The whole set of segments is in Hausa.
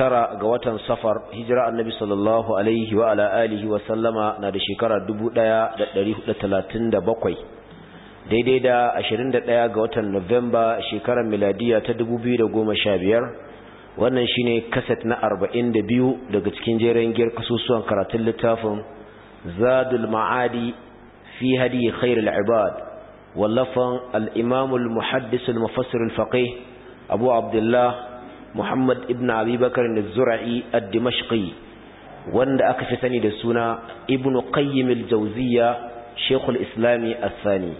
tara ga watan safar hijira annabi sallallahu alaihi wa ala alihi wa sallama na da shekara 1437 daidai da 21 ga watan novemba shekarar miladiya ta 2015 wannan shine kaset na 42 daga cikin jerin giyar kasusuwan karatun littafin zadul ma'adi fi hadi khairul ibad wallafan al-imam al-muhaddis al-mufassir al-faqih abu abdullah Muhammad ibn Abi Bakar al-Zura'i ad-Dimashqi wanda aka fi sani da suna Ibn Qayyim al-Jawziyya Sheikh al-Islam al-Thani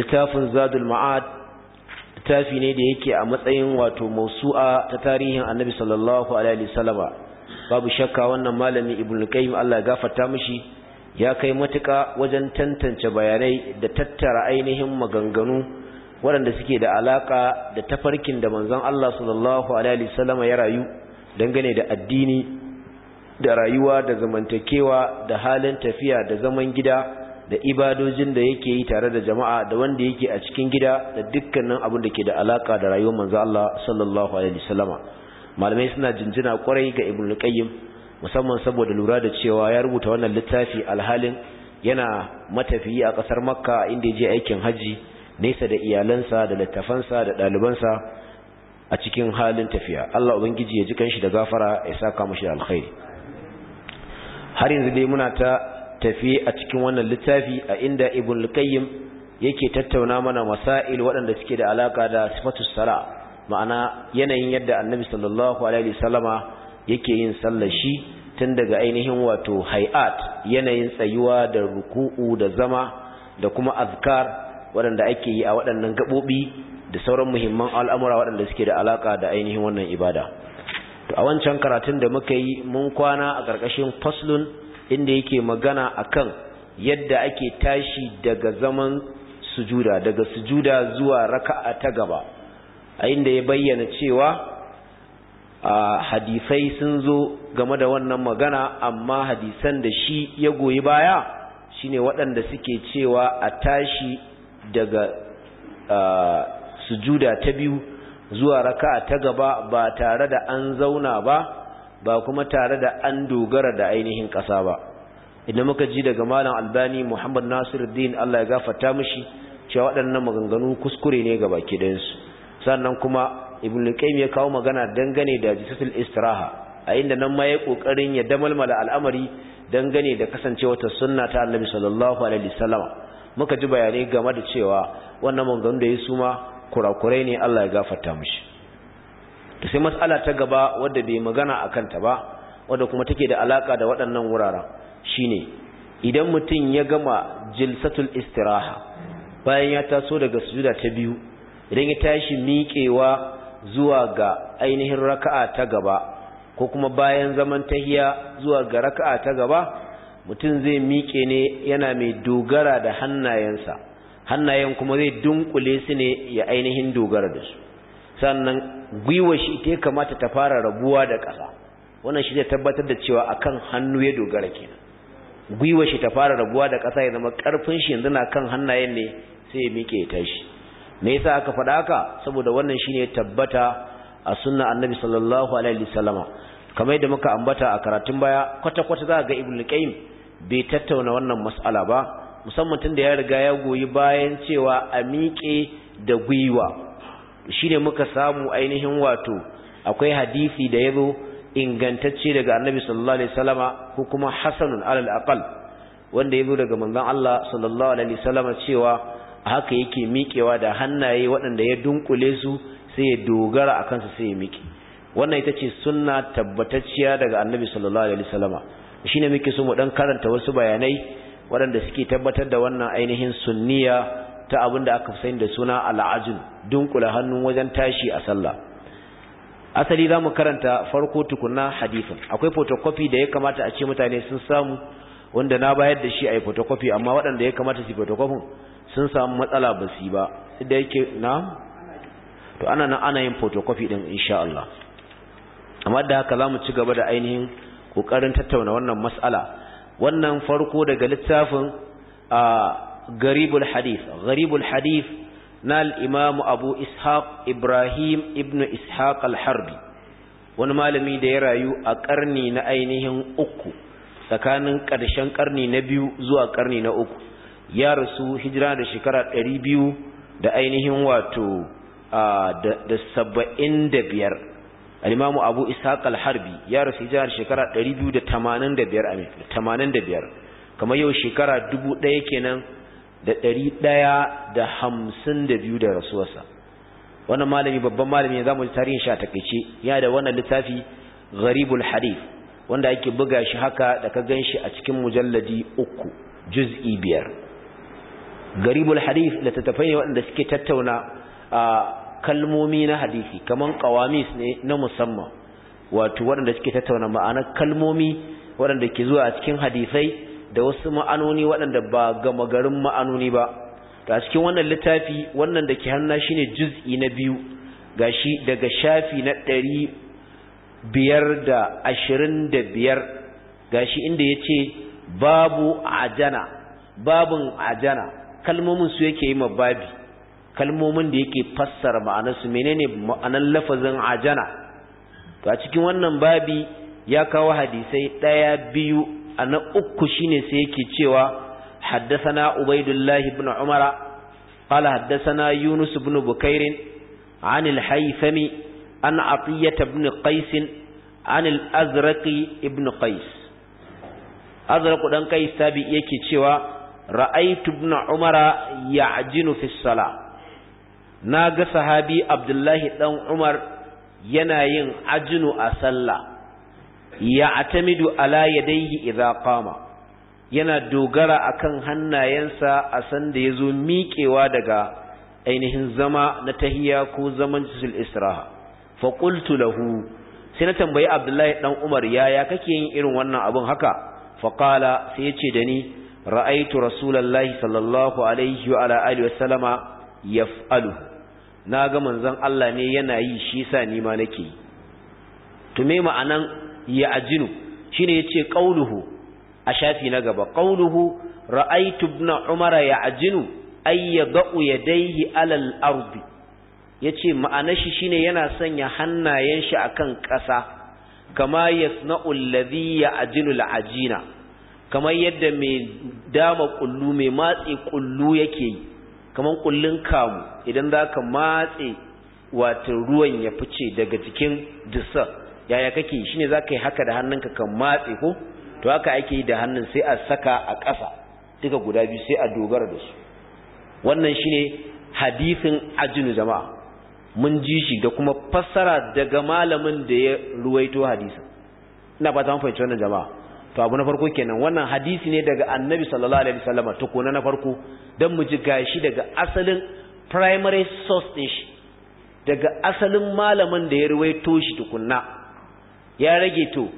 littafin Zadul Ma'ad littafi ne da yake a matsayin wato mausu'a ta tarihin Annabi sallallahu alaihi babu shakka wannan malami Ibn Qayyim Allah ya gafarta mishi ya kai matuƙa wajen tantance bayanai da tattara ainihin maganganu waɗanda suke da alaka da tafarkin da manzon Allah sallallahu alaihi wasallam ya rayu dangane da addini da rayuwa da zamantakewa da halin tafiya da zaman gida da ibadojin da yake yi tare da jama'a da wanda yake a cikin gida da dukkanin abin da ke da alaka da rayuwar manzon Allah sallallahu alaihi wasallam malamai suna jinjina kwarai ga ibnu qayyim musamman saboda lura da cewa ya rubuta wannan littafi alhalin yana matafiyi a ƙasar makka inda ya je aikin hajji nesa da iyalansa da littafansa da ɗalibansa a cikin halin tafiya Allah ubangiji ya ji kanshi da gafara ya saka mushi alkhairi har yanzu dai muna ta tafi a cikin wannan littafi a inda ibn al-qayyim yake tattauna mana masail waɗanda suke da alaka da sifatus sala ma'ana yanayin yadda annabi sallallahu alaihi wasallama yake yin sallar shi tun daga ainihin wato hay'at yanayin tsayuwa da ruku'u da zama da kuma azkar waɗanda ake yi a waɗannan gaɓoɓi da sauran muhimman al'amura waɗanda suke da alaƙa da ainihin wannan ibada to a wancan karatun da muka yi mun kwana a ƙarƙashin faslun inda yake magana a kan yadda ake tashi daga zaman sujuda daga sujuda zuwa raka'a ta gaba a inda ya bayyana cewa a hadisai sun zo game da wannan magana amma hadisan da shi ya goyi baya shine waɗanda suke cewa a tashi daga sujuda ta biyu zuwa raka ta gaba ba tare da an zauna ba ba kuma tare da an dogara da ainihin ƙasa ba idan muka ji daga malam albani muhammad nasiruddin allah ya gafata mushi cewa waɗannan maganganu kuskure ne ga baki sannan kuma ibn qayyim ya kawo magana dangane da jisatul istiraha a inda nan ma ya kokarin ya damalmala al'amari dangane da ta sunna ta annabi sallallahu alaihi wasallam muka ji bayanai game da cewa wannan maganganu da ya suma kurakurai ne Allah ya gafarta mishi to sai matsala ta gaba wadda bai magana a kanta ba wadda kuma take da alaka da waɗannan wuraren shine idan mutum ya gama jilsatul istiraha bayan ya taso daga sujuda ta biyu idan ya tashi miƙewa zuwa ga ainihin raka'a ta gaba ko kuma bayan zaman tahiya zuwa ga raka'a ta gaba mutum zai miƙe ne yana mai dogara da hannayensa hannayen kuma zai dunkule su ne ya ainihin dogara da su sannan gwiwa shi ita ya kamata ta fara rabuwa da ƙasa wannan shi zai tabbatar da cewa akan hannu ya dogara kenan gwiwa shi ta fara rabuwa da ƙasa ya zama ƙarfin shi yanzu na kan hannayen ne sai ya miƙe ya tashi me yasa aka faɗa haka saboda wannan shine tabbata a sunna annabi sallallahu alaihi wasallama kamar yadda muka ambata a karatun baya kwata-kwata za ga ibnu qayyim bai tattauna wannan mas'ala ba musamman tun da ya riga ya goyi bayan cewa a miƙe da gwiwa shine muka samu ainihin wato akwai hadisi da zo ingantacce daga Annabi sallallahu alaihi wasallama ko kuma hasanun alal aqal wanda yazo daga manzon Allah sallallahu alaihi wasallama cewa haka yake miƙewa da hannaye waɗanda ya dunkule su sai ya dogara akan su sai ya miƙe wannan ita ce sunna tabbatacciya daga Annabi sallallahu alaihi wasallama ne muke so mu dan karanta wasu bayanai waɗanda suke tabbatar da wannan ainihin sunniya ta abin da aka sani da suna al'ajin dunkula hannun wajen tashi a sallah asali za mu karanta farko tukunna hadifin akwai photocopy da ya kamata a ce mutane sun samu wanda na bayar da shi a yi photocopy amma waɗanda ya kamata su yi photocopy sun samu matsala ba su ba da yake na to ana nan ana yin photocopy din insha Allah amma da haka za mu ci gaba da ainihin kokarin tattauna wannan mas'ala wannan farko daga littafin garibul hadith garibul hadith na al abu ishaq ibrahim ibn ishaq al-harbi wani malami da ya rayu a ƙarni na ainihin uku tsakanin ƙarshen ƙarni na biyu zuwa karni na uku ya rasu hijira da shekara ɗari biyu da ainihin wato da saba'in da biyar al-imamu abu ishaq al-harbi ya rasu jihar shekara 285 amin 85 kamar yau shekara 1000 kenan da 152 da rasuwarsa wannan malami babban malami ne zamu ji tarihin shi a takeice ya da wannan littafi gharibul hadith wanda ake buga shi haka da ka ganshi a cikin mujalladi 3 juz'i 5 gharibul hadith littattafai ne waɗanda suke tattauna a ah, kalmomi na hadisi kaman qawamis ne na musamman wato waɗanda suke tattauna ma'anar kalmomi waɗanda ke zuwa a cikin hadisai da wasu ma'anoni waɗanda ba gama garin ma'anoni ba to a cikin wannan littafi wannan da ke hanna shine juz'i na biyu gashi daga shafi na ɗari biyar da ashirin da biyar gashi inda ya ce babu ajana babun ajana kalmomin su yake yi ma babi kalmomin da yake fassara ma'anarsu menene ma'anar lafazin ajana to a cikin wannan babi ya kawo hadisai ɗaya biyu a na uku shine sai yake cewa haddasana ubaidullahi ibn umara qala haddasana yunus ibn bukairin an al-haythami an atiyata ibn qais azraqi ibn qais azraq dan qais tabi yake cewa ra'aitu ibn umara ya'jinu fi na ga sahabi abdullahi ɗan umar yana yin ajinu a sallah ya atamidu ala yadayhi idza qama yana dogara akan hannayensa a sanda ya zo miƙewa daga ainihin zama na tahiya ko zaman cisul isra'a fa qultu lahu sai na tambayi abdullahi dan umar ya ya kake yin irin wannan abin haka fa qala sai ya ce da ni ra'aitu rasulullahi sallallahu alaihi wa ala alihi wa sallama yaf'aluhu na ga manzon Allah ne yana yi shi sa ni ma nake yi to me ma'anan ya ajinu shine yace qauluhu a shafi na gaba qauluhu ra'aytu ibn umara ya ajinu ay yad'u yadayhi alal ardi yace ma'anar shi shine yana sanya hannayen shi akan ƙasa kama yasna'u alladhi ya ajinu la'ajina. kamar yadda mai dama kullu mai matsi kullu yake yi kamar kullun kamu idan za ka matse wato ruwan ya fice daga cikin dusa yaya kake Shi ne za ka yi haka da hannunka kan matse ko to haka ake yi da hannun sai a saka a ƙasa duka guda biyu sai a dogara da su wannan shi ne hadisin ajinu jama'a mun ji shi da kuma fassara daga malamin da ya ruwaito hadisin ina fata mun fahimci wannan jama'a to abu na farko kenan wannan hadisi ne daga annabi sallallahu alaihi to tukuna na farko dan mu ji gashi daga asalin primary source din shi daga asalin malaman da ya ruwaito shi tukunna ya rage to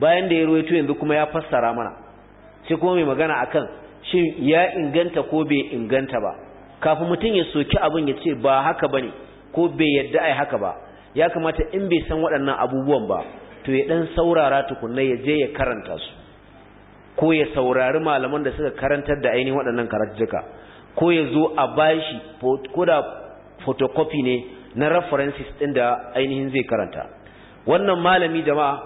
bayan da ya ruwaito yanzu kuma ya fassara mana sai kuma mai magana akan shin ya inganta ko bai inganta ba kafin mutum ya soki abin ya ce ba haka bane ko bai yadda ai haka ba ya kamata in bai san waɗannan abubuwan ba to ya dan saurara tukunna ya je ya karanta su ko ya saurari malaman da suka karantar da ainihin waɗannan karatuka ko ya zo a bashi ko da photocopy ne na references ɗin da ainihin zai karanta wannan malami jama'a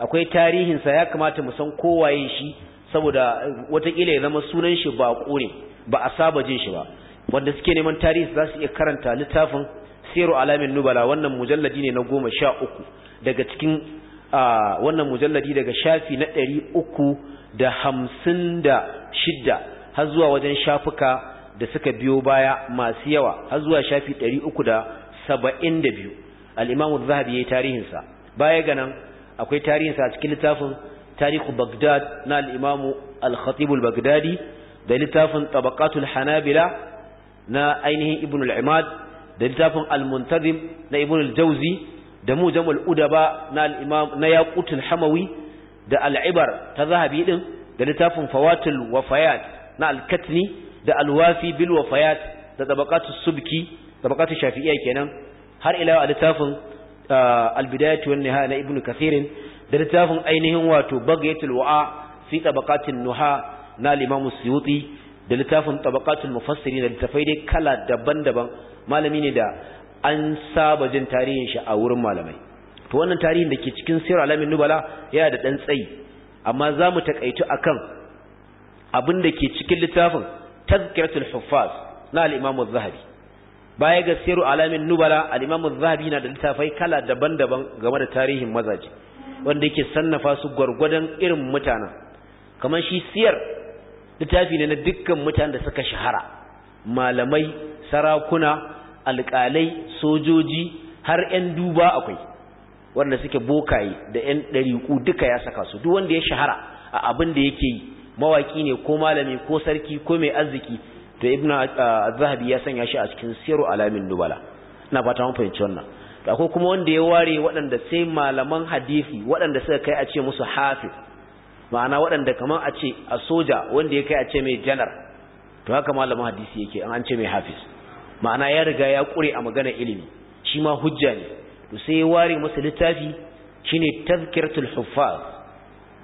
akwai tarihinsa ya kamata mu san kowaye shi saboda watakila ya zama sunan shi ba ƙure ba a saba jin shi ba wanda suke neman tarihi za su iya karanta littafin siru alamin nubala wannan mujalladi ne na goma sha uku daga cikin wannan mujalladi daga shafi na ɗari uku da hamsin da shidda har zuwa wajen shafuka da suka biyo baya masu yawa har zuwa shafi ɗari uku da saba'in da biyu al'imamu zahabi ya yi tarihinsa baya ga nan akwai tarihinsa a cikin littafin tarihu bagdad na al'imamu al-khatibul bagdadi da littafin tabakatul hanabila na ainihin ibn al-Imad, da littafin al-muntazim na ibn al-jauzi da mujamul udaba na al-imam na yaqutul hamawi da al-ibar ta zahabi din da littafin fawatul wafayat na al-katni da al-wafi bil wafayat da tabaqatus subki tabaqatus shafi'iyya kenan har ila a littafin ah, al-bidayatu wan nihaya na ibnu kathir da littafin ainihin wato bagyatul wa'a fi tabaqatin nuha na al-imam suyuti da littafin tabaqatul mufassirin da Tafai dai kala daban-daban malami ne da an saba jin tarihin shi a wurin malamai to wannan tarihin da ke cikin sir alamin nubala yana da ɗan tsayi amma za mu taƙaitu a kan abin da ke cikin littafin tazkiratul huffaz na al'imamu zahabi baya ga sir alamin nubala al'imamu zahabi na da littafai kala daban-daban game da tarihin mazaje wanda yake sannafa su gwargwadon irin mutanen kamar shi siyar littafi ne na dukkan mutanen da suka shahara malamai sarakuna alƙalai sojoji har 'yan duba akwai wanda suke bokaye da 'yan ɗariƙu duka ya saka su duk wanda ya shahara a abin da yake yi mawaki ne ko malami ko sarki ko mai arziki to ibn uh, zahabi ya sanya shi a cikin siru alamin nubala ina fata mun fahimci wannan akwai kuma wanda ya ware waɗanda sai malaman hadisi waɗanda suka kai a ce musu hafiz ma'ana waɗanda kamar a ce a soja wanda ya kai a ce mai janar to haka malaman hadisi yake an ce mai hafiz ma'ana ya riga ya ƙure a magana ilimi shi ma hujja ne to sai ya ware masa littafi shine tazkiratul huffaz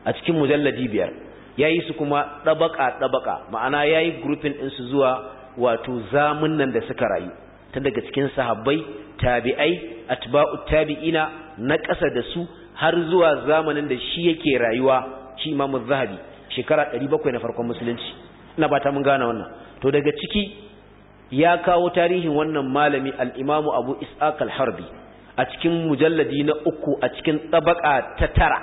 a cikin mujalladi biyar yayi su kuma dabaka dabaka ma'ana yayi grouping din su zuwa wato nan da suka rayu ta daga cikin sahabbai tabi'ai atba'u tabi'ina na ƙasa da su har zuwa zamanin da shi yake rayuwa shi Imam Zahabi shekara 700 na farkon musulunci ina ba ta mun gane wannan to daga ciki ya kawo tarihin wannan malami al'imamu Abu Ishaq al-Harbi a cikin mujalladi na uku a cikin ɗabaƙa ta tara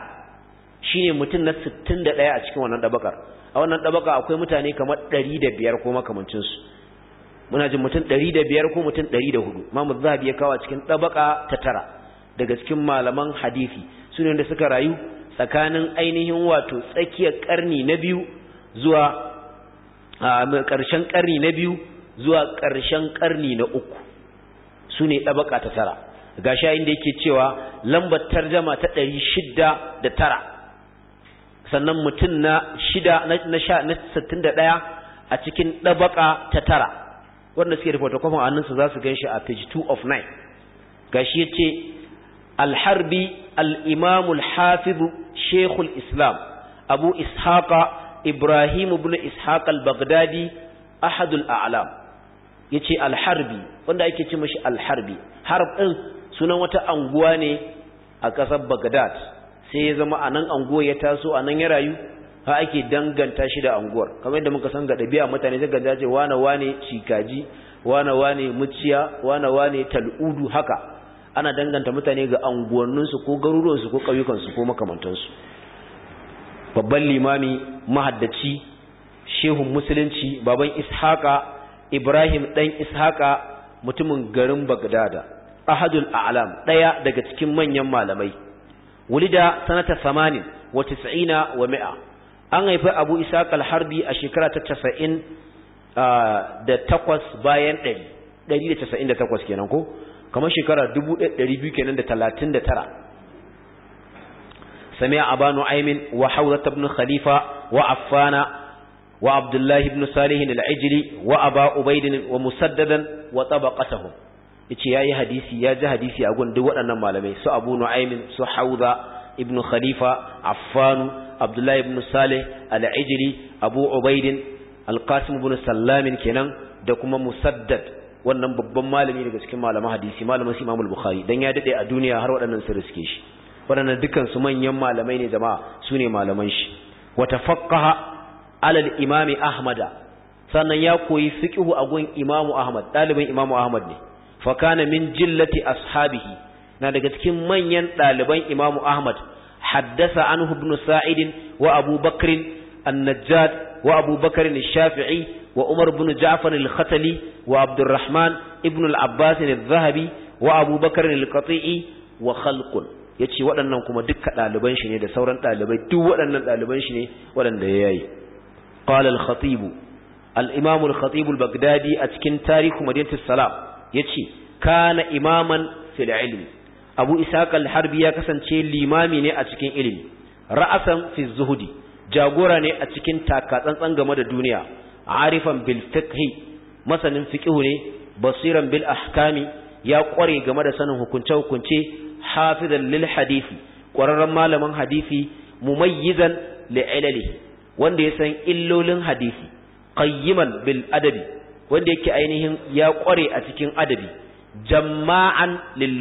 Shi ne mutum na 61 a cikin wannan ɗabaƙar a wannan ɗabaƙa akwai mutane kamar 105 ko makamancinsu. muna jin mutum 105 ko mutum 104 Imam Zahabi ya kawo a cikin ɗabaƙa ta tara daga cikin malaman su ne da suka rayu tsakanin ainihin wato tsakiyar karni na biyu zuwa ƙarshen karni na biyu zuwa ƙarshen ƙarni na uku su ne ɗabaƙa ta tara ga shayin da yake cewa lambar tarjama ta ɗari shida da tara sannan mutum na shida na sha na sittin da ɗaya a cikin ɗabaƙa ta tara wanda suke rubuta kwafin hannunsu za su gan shi a page two of nine ga shi ya ce alharbi al'imamul hafizu shekul islam abu ishaqa ibrahim ibn ishaq al-baghdadi ahadul a'lam Ya ce alharbi wanda ake ce mashi alharbi harb din sunan wata anguwa ne a ƙasar Bagdad. sai ya zama anan anguwa ya taso anan ya rayu ha ake danganta shi da anguwar kamar yadda muka san ga dabi'a mutane sai ganda ce wane wane shikaji wane wane muciya wane wane tal'udu haka ana danganta mutane ga anguwanninsu ko garuruwansu ko ƙauyukansu ko makamantansu babban limami mahaddaci shehun musulunci baban ishaqa Ibrahim ɗan Ishaƙa mutumin garin Bagdada ahadul a'lam ɗaya daga cikin manyan malamai wulida sanata samanin wa tisaina wa mi'a, an haifi Abu Ishaƙa harbi a shekara ta casa'in da takwas bayan ɗari, ɗari da casa'in da takwas kenan ko kamar shekara dubu ɗari biyu kenan da talatin da 39 سمع wa نعيم وحوزة بن خليفة وعفان وعبد الله بن صالح العجلي وأبا عبيد ومسددا وطبقتهم yace yayi hadisi ya ji hadisi a gun duk waɗannan malamai su Abu Nu'aym su Hauza ibn Khalifa Affan Abdullah ibn Salih Al-Ijli Abu Ubaid Al-Qasim ibn Sallam kenan da kuma Musaddad wannan babban malami daga cikin malaman hadisi malamin Imam Al-Bukhari dan ya dade a duniya har waɗannan su riske shi waɗannan dukkan su manyan malamai ne jama'a su ne malaman shi wa tafaqqaha alal imami ahmada sannan ya koyi fiqhu a gun imamu ahmad dalibin imamu ahmad ne fa kana min jillati ashabihi na daga cikin manyan daliban imamu ahmad haddasa anhu ibn sa'id wa abu an-najjad wa abu bakr ash-shafi'i wa umar ibn ja'far al-khatali wa abdurrahman ibn al-abbas al-zahabi wa abu al-qati'i wa khalqun yace waɗannan kuma duka ɗaliban shi ne da sauran ɗalibai duk waɗannan ɗaliban shi ne waɗanda ya yayi qala al-khatib al-imam al-khatib al-baghdadi a cikin tarihu madinatu salam yace kana imaman fil ilmi abu ishaq al ya kasance limami ne a cikin ilimi ra'asan fi zuhudi jagora ne a cikin taka takatsantsan game da duniya arifan Bilfikhi masanin fiqhu ne basiran bil ahkami ya kware game da sanin hukunce hukunce hafizan lil hadisi kwararren malamin hadisi mumayyizan li ilalihi wanda ya san illolin hadisi qayyiman bil adabi wanda yake ainihin ya kware a cikin adabi jama'an lil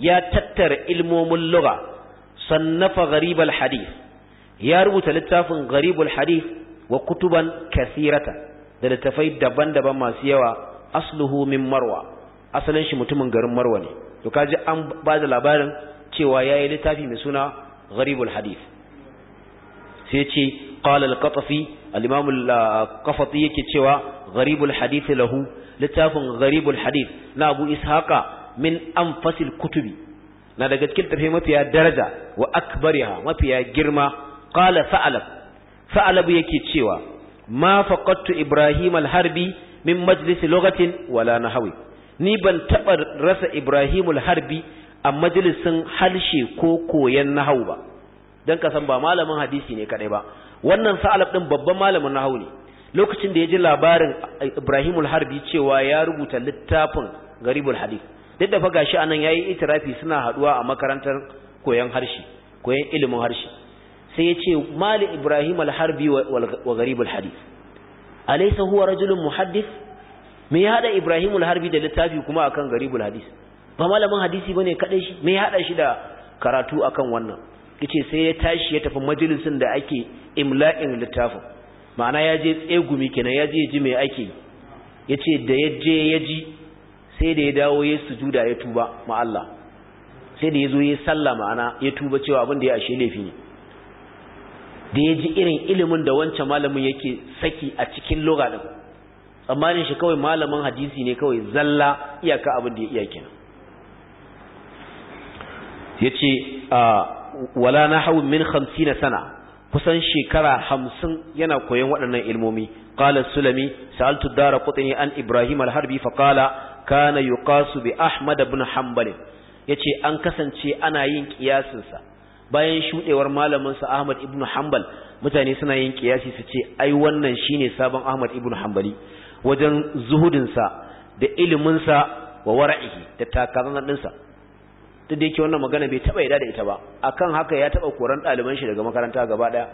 ya tattara ilmomin lugha sannafa gharibal hadith ya rubuta littafin gharibul hadith wa kutuban kathirata da littafai daban-daban masu yawa asluhu min marwa asalin shi mutumin garin marwa ne to kaji an ba da labarin cewa yayi littafi mai suna gharibul hadith sai ce qala al-qatafi al-imam al-qafati yake cewa gharibul hadith lahu littafin gharibul hadith na abu ishaqa min anfasil kutubi na daga cikin tafi mafiya daraja wa akbariha mafiya girma qala fa'alab fa'alab yake cewa ma faqattu ibrahim harbi min majlis lokacin wala nahawi ni ban taɓa rasa ibrahim harbi a majalisin halshe ko koyan nahawu ba dan kasan ba malamin hadisi ne kadai ba wannan sa'alab ɗin babban malamin nahawu ne lokacin da ya ji labarin Ibrahimul Harbi cewa ya rubuta littafin Garibul Hadith duk da fa gashi anan yayi itirafi suna haduwa a makarantar koyon harshe koyon ilimin harshe sai ya ce mali Ibrahim al-Harbi wa Garibul Hadith alaysa huwa rajulun muhaddith me ya hada Ibrahim al-Harbi da littafi kuma akan Garibul Hadith ba malamin hadisi bane kadai shi me ya hada shi da karatu akan wannan yace sai ya tashi ya tafi majalisin da ake imla'in littafin ma'ana ya je tsegumi kenan ya je ji mai ake yace da ya je ya ji sai da ya dawo ya sujuda ya tuba ma Allah sai da ya zo ya salla ma'ana ya tuba cewa abin da ya ashe laifi ne da ya ji irin ilimin da wancan malamin yake saki a cikin loga din tsammanin shi kawai malamin hadisi ne kawai zalla iyaka abin da ya iya kenan yace a ah, wala hau min 50 sana kusan shekara hamsin yana koyon waɗannan ilmomi qala sulami sa'altu dara kuɗini an ibrahim Alharbi, fa qala kana yuqasu bi ahmad ibn ya yace an kasance ana yin kiyasin bayan shuɗewar malaminsa ahmad ibn hambal mutane suna yin kiyasi su ce ai wannan shine sabon ahmad ibn hambali wajen zuhudinsa da iliminsa wa wara'ihi da takarar ɗinsa duk da yake wannan magana bai taba yada da ita ba akan haka ya taba koran daliban shi daga makaranta gaba ɗaya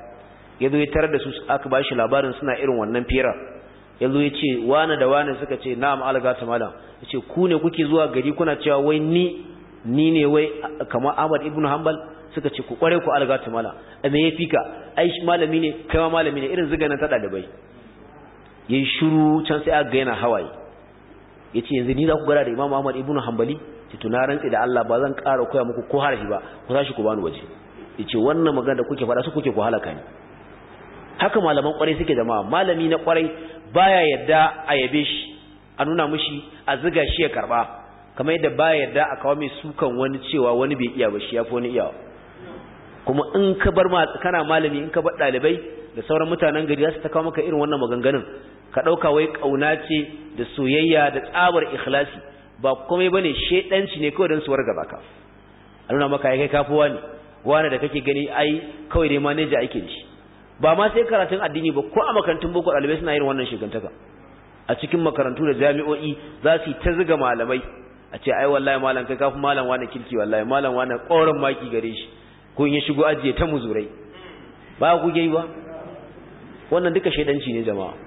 ya zo ya tarar da su aka ba shi labarin suna irin wannan fira ya zo ya ce wane da wane suka ce na'am alga ta malam ya ce ku ne kuke zuwa gari kuna cewa wai ni ni ne wai kamar ahmad ibn hanbal suka ce ku kware ku alga ta malam amma ya fika ai malami ne kai ma malami ne irin ziganan ta dalibai yayi shiru can sai aka ga yana hawaye yace yanzu ni za ku gara da imam ahmad ibn hanbali ki tunaran da Allah ba zan ƙara koya muku ko shi ba ku tashi ku bani waje yace wannan magana da kuke faɗa su kuke ku halaka ni haka malaman kwarai suke a? malami na kwarai baya yadda a yabe shi a nuna mishi a ziga shi ya karba kamar yadda baya yadda a kawo mai sukan wani cewa wani bai iya ba shi ya fi wani iyawa kuma in ka bar ma kana malami in ka bar ɗalibai da sauran mutanen gari za su ta kawo maka irin wannan maganganun ka ɗauka wai kauna ce da soyayya da tsabar ikhlasi ba komai bane shedanci ne kawai don su warga baka a nuna maka ya kai kafuwa ne wani da kake gani ai kawai dai maneja ake ne shi ba ma sai karatun addini ba ko a makarantun boko ɗalibai suna yin wannan shigantaka a cikin makarantu da jami'o'i za su yi ta ziga malamai a ce ai wallahi malam kai kafin malam wani kirki wallahi malam wani ƙoran maki gare shi ko in ya shigo ajiye ta muzurai ba ku gaiwa ba wannan duka shaidanci ne jama'a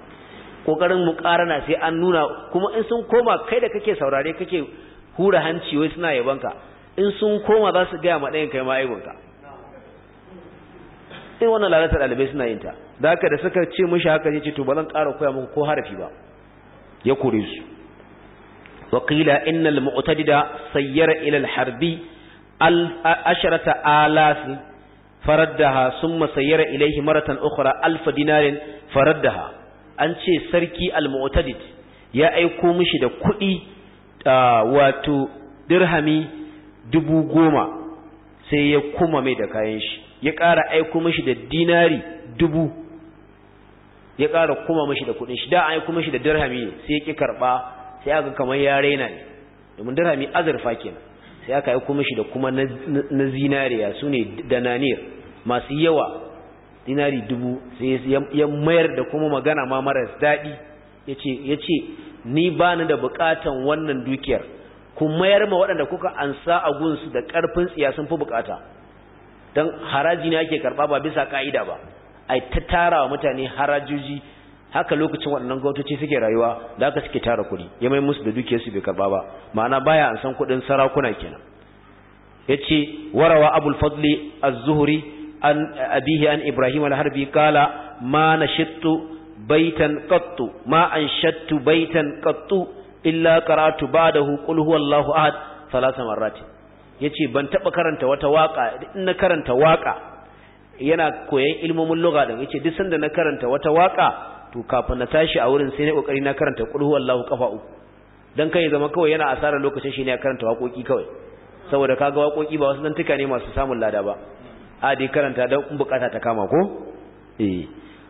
kokarin mukarana sai an nuna kuma in sun koma kai da kake saurare kake hura hanci wai suna yabanka in sun koma za su gaya ma ɗayan kai ma aibinka in wannan lalata ɗalibai suna yin ta da haka da suka ce mishi haka ce to ba zan ƙara koya muku ko harafi ba ya kore su waƙila innal mu'tadida sayyara ila al-harbi asharata alaf faraddaha summa sayyara ilayhi maratan ukhra alf dinarin faraddaha an ce sarki al-mu'tadid ya aiko mishi da kuɗi wato dirhami dubu goma sai ya kuma mai da kayan shi ya ƙara aiko mishi da dinari dubu ya ƙara kuma mishi da kuɗin shi da an aiko mishi da dirhami sai ya ƙi karɓa sai aka kamar ya raina ne domin dirhami azurfa kenan sai aka aiko mishi da kuma na zinariya su ne dananir masu yawa dinari dubu sai ya mayar da kuma magana ma maras daɗi ya ce ni ba ni da buƙatan wannan dukiyar ku mayar ma waɗanda kuka ansa a gun su da ƙarfin tsiya sun fi bukata don haraji ne ake karɓa ba bisa ƙa'ida ba a ta tara wa mutane harajoji haka lokacin waɗannan gwamnatoci suke rayuwa da aka suke tara kuɗi ya mai musu da dukiyarsu bai karɓa ba ma'ana baya an san kuɗin sarakuna kenan ya ce warawa abul fadli az-zuhri an abihi an ibrahim Alharbi kala ma nashittu baitan qattu ma anshattu baitan qattu illa qara'tu ba'dahu qul huwallahu ahad thalatha marrat yace ban taba karanta wata waka in na karanta waka yana koyan ilmomin lugha da yace duk sanda na karanta wata waka to kafin na tashi a wurin sai na kokari na karanta qul huwallahu kafa uku dan kai zama kawai yana asara lokacin shi ne ya karanta waƙoƙi kawai saboda kaga waƙoƙi ba wasu zantuka ne masu samun lada ba a karanta don bukata ta kama ko eh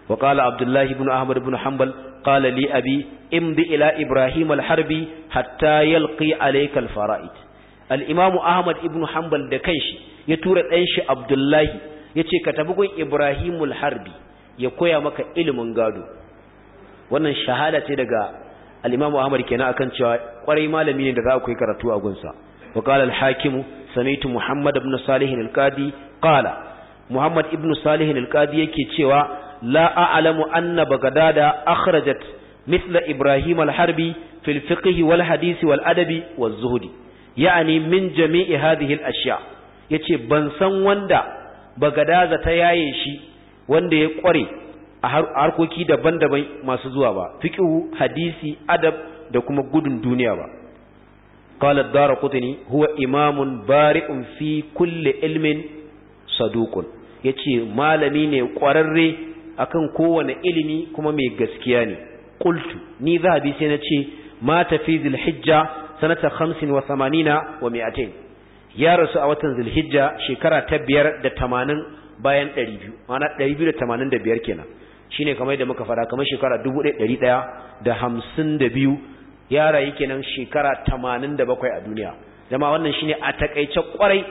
wa qala abdullahi ibn ahmad ibn hanbal qala li abi imdi ila ibrahim al-harbi hatta yalqi alayka al-fara'id al-imam ahmad ibn hanbal da kanshi ya tura dan shi abdullahi yace ka tafi gun ibrahim al-harbi ya koya maka ilimin gado wannan shahada ce daga al-imam ahmad kenan akan cewa kwarai malami ne da za ku yi karatu a gunsa wa qala al-hakim سمعت محمد بن صالح القاضي قال محمد ابن صالح القاضي yake cewa la a'lamu anna akrajat misla مثل إبراهيم الحربي في الفقه والحديث والأدب والزهد يعني من جميع هذه الأشياء yace ban san wanda bagadaza ta yaye shi wanda ya kware a harkoki daban-daban masu zuwa ba fiqhu hadisi adab da kuma gudun duniya ba قال الدار قطني هو إمام بارئ في كل علم صدوق يتي malami ني ƙwararre. akan kowane ilimi kuma mai gaskiya ne qultu ni zahabi sai na ce tafi zulhijja sanata 85 wa 200 ya rasu a watan zulhijja shekara ta biyar da 80 bayan 200 ma'ana 285 kenan shine kamar da muka fara kamar shekara 1152 ya rayu kenan shekara 87 a duniya zama wannan shine a takaice kwarai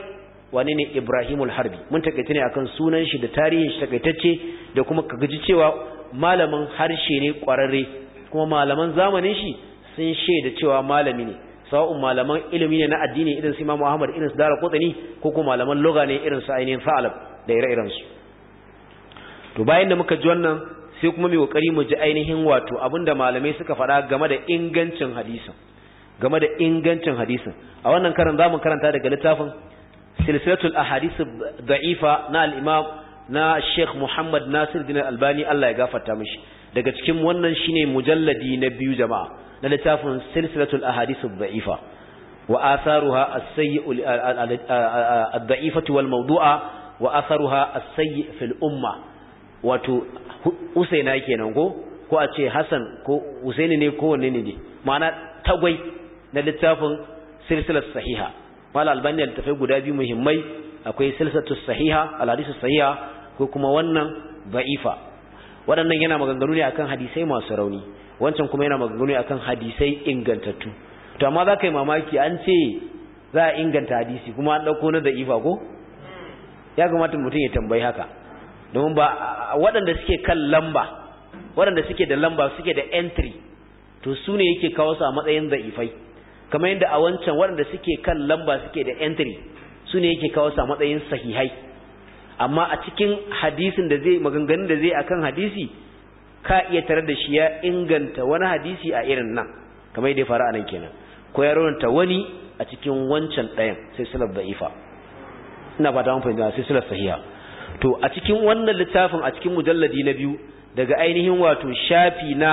wani ne Ibrahimul Harbi mun takaice ne akan sunan shi da tarihin shi takaitacce da kuma ka gaji cewa malamin harshe ne kwararre kuma malaman zamanin shi sun shaida cewa malami ne sawa'un malaman ilimi ne na addini irin su Imam Muhammad irin su Darqutni ko kuma malaman lugha ne irin su ainihin Sa'alab da ire-iren su to bayan da muka ji wannan sai kuma mai kokari mu ji ainihin wato abinda malamai suka faɗa game da ingancin hadisin game da ingancin hadisin a wannan karan zamu karanta daga littafin silsilatul ahadith da'ifa na al-imam na Sheikh Muhammad Nasir bin Albani Allah ya gafarta mishi daga cikin wannan shine mujalladi na biyu jama'a na littafin silsilatul ahadith da'ifa wa atharuha as-sayyi ad-da'ifatu wal mawdu'a wa atharuha as-sayyi fil umma wato usaina kenan ko ko a ce Hassan ko usaini ne ko wanne ne ne ma'ana tagwai na littafin silsilar sahiha mal albani da tafai guda biyu muhimmai akwai silsilatu sahiha alhadisu sahiha ko kuma wannan ba'ifa waɗannan yana maganganu ne akan hadisai masu rauni wancan kuma yana maganganu ne akan hadisai ingantattu to amma za ka yi mamaki an ce za a inganta hadisi kuma an ɗauko na da'ifa ko ya kamata mutum ya tambayi haka domin ba waɗanda suke kan lamba waɗanda suke da lamba suke da entry to su ne yake kawo su a matsayin za'ifai kamar yadda a wancan waɗanda suke kan lamba suke da entry su ne yake kawo su a matsayin sahihai amma a cikin hadisin da zai maganganun da zai akan hadisi ka iya tare da shi ya inganta wani hadisi a irin nan kamar yadda ya faru a nan kenan ko ya raunta wani a cikin wancan ɗayan sai sulat da'ifa ina ba ta mun fahimta sai sulat sahiha to a cikin wannan littafin a cikin mujalladi na biyu daga ainihin wato shafi na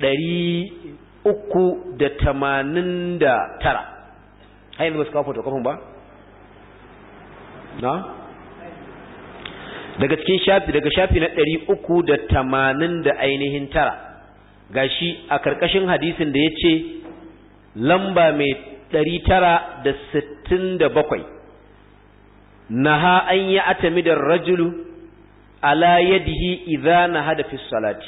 ɗari uku da tamanin da tara hai ba su kawo fotokofin ba? na? daga cikin shafi daga shafi na ɗari uku da tamanin da ainihin tara gashi a ƙarƙashin hadisin da ya ce lamba mai ɗari tara da sittin da bakwai naha an ya da rajulu ala yadihi idza nahada fi salati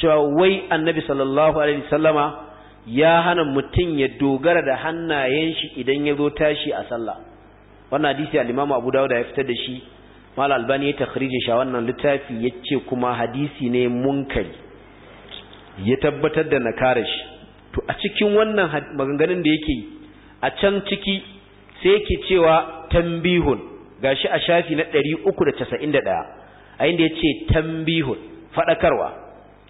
cewa wai annabi sallallahu alaihi wasallama ya hana mutum ya dogara da hannayen shi idan ya zo tashi a sallah wannan hadisi al-Imam Abu Dawud ya fitar da shi Mal Albani ya takhrije shi wannan littafi yace kuma hadisi ne munkari ya tabbatar da nakara shi to a cikin wannan maganganun da yake a can ciki sai yake cewa tambihun gashi a shafi na ɗari uku da da casa'in 391 a inda ce tambihun faɗakarwa,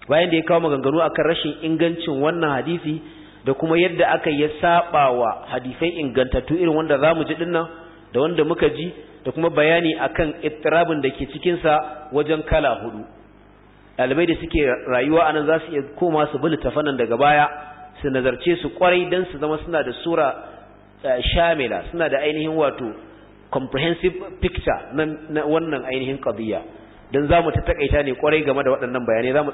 bayan da ya kawo maganganu akan rashin ingancin wannan hadisi da kuma yadda aka yi ya wa hadisai ingantattu irin wanda za mu ji dinnan da wanda muka ji da kuma bayani akan ittirabin da ke cikinsa wajen kala hudu ɗalibai da suke rayuwa anan za su iya koma su bi littafanan daga baya su nazarce su kwarai don su zama suna da sura eh, shamila suna da ainihin wato comprehensive picture na wannan ainihin qadiyya dan zamu ta takaita ne kwarai game da waɗannan bayanai zamu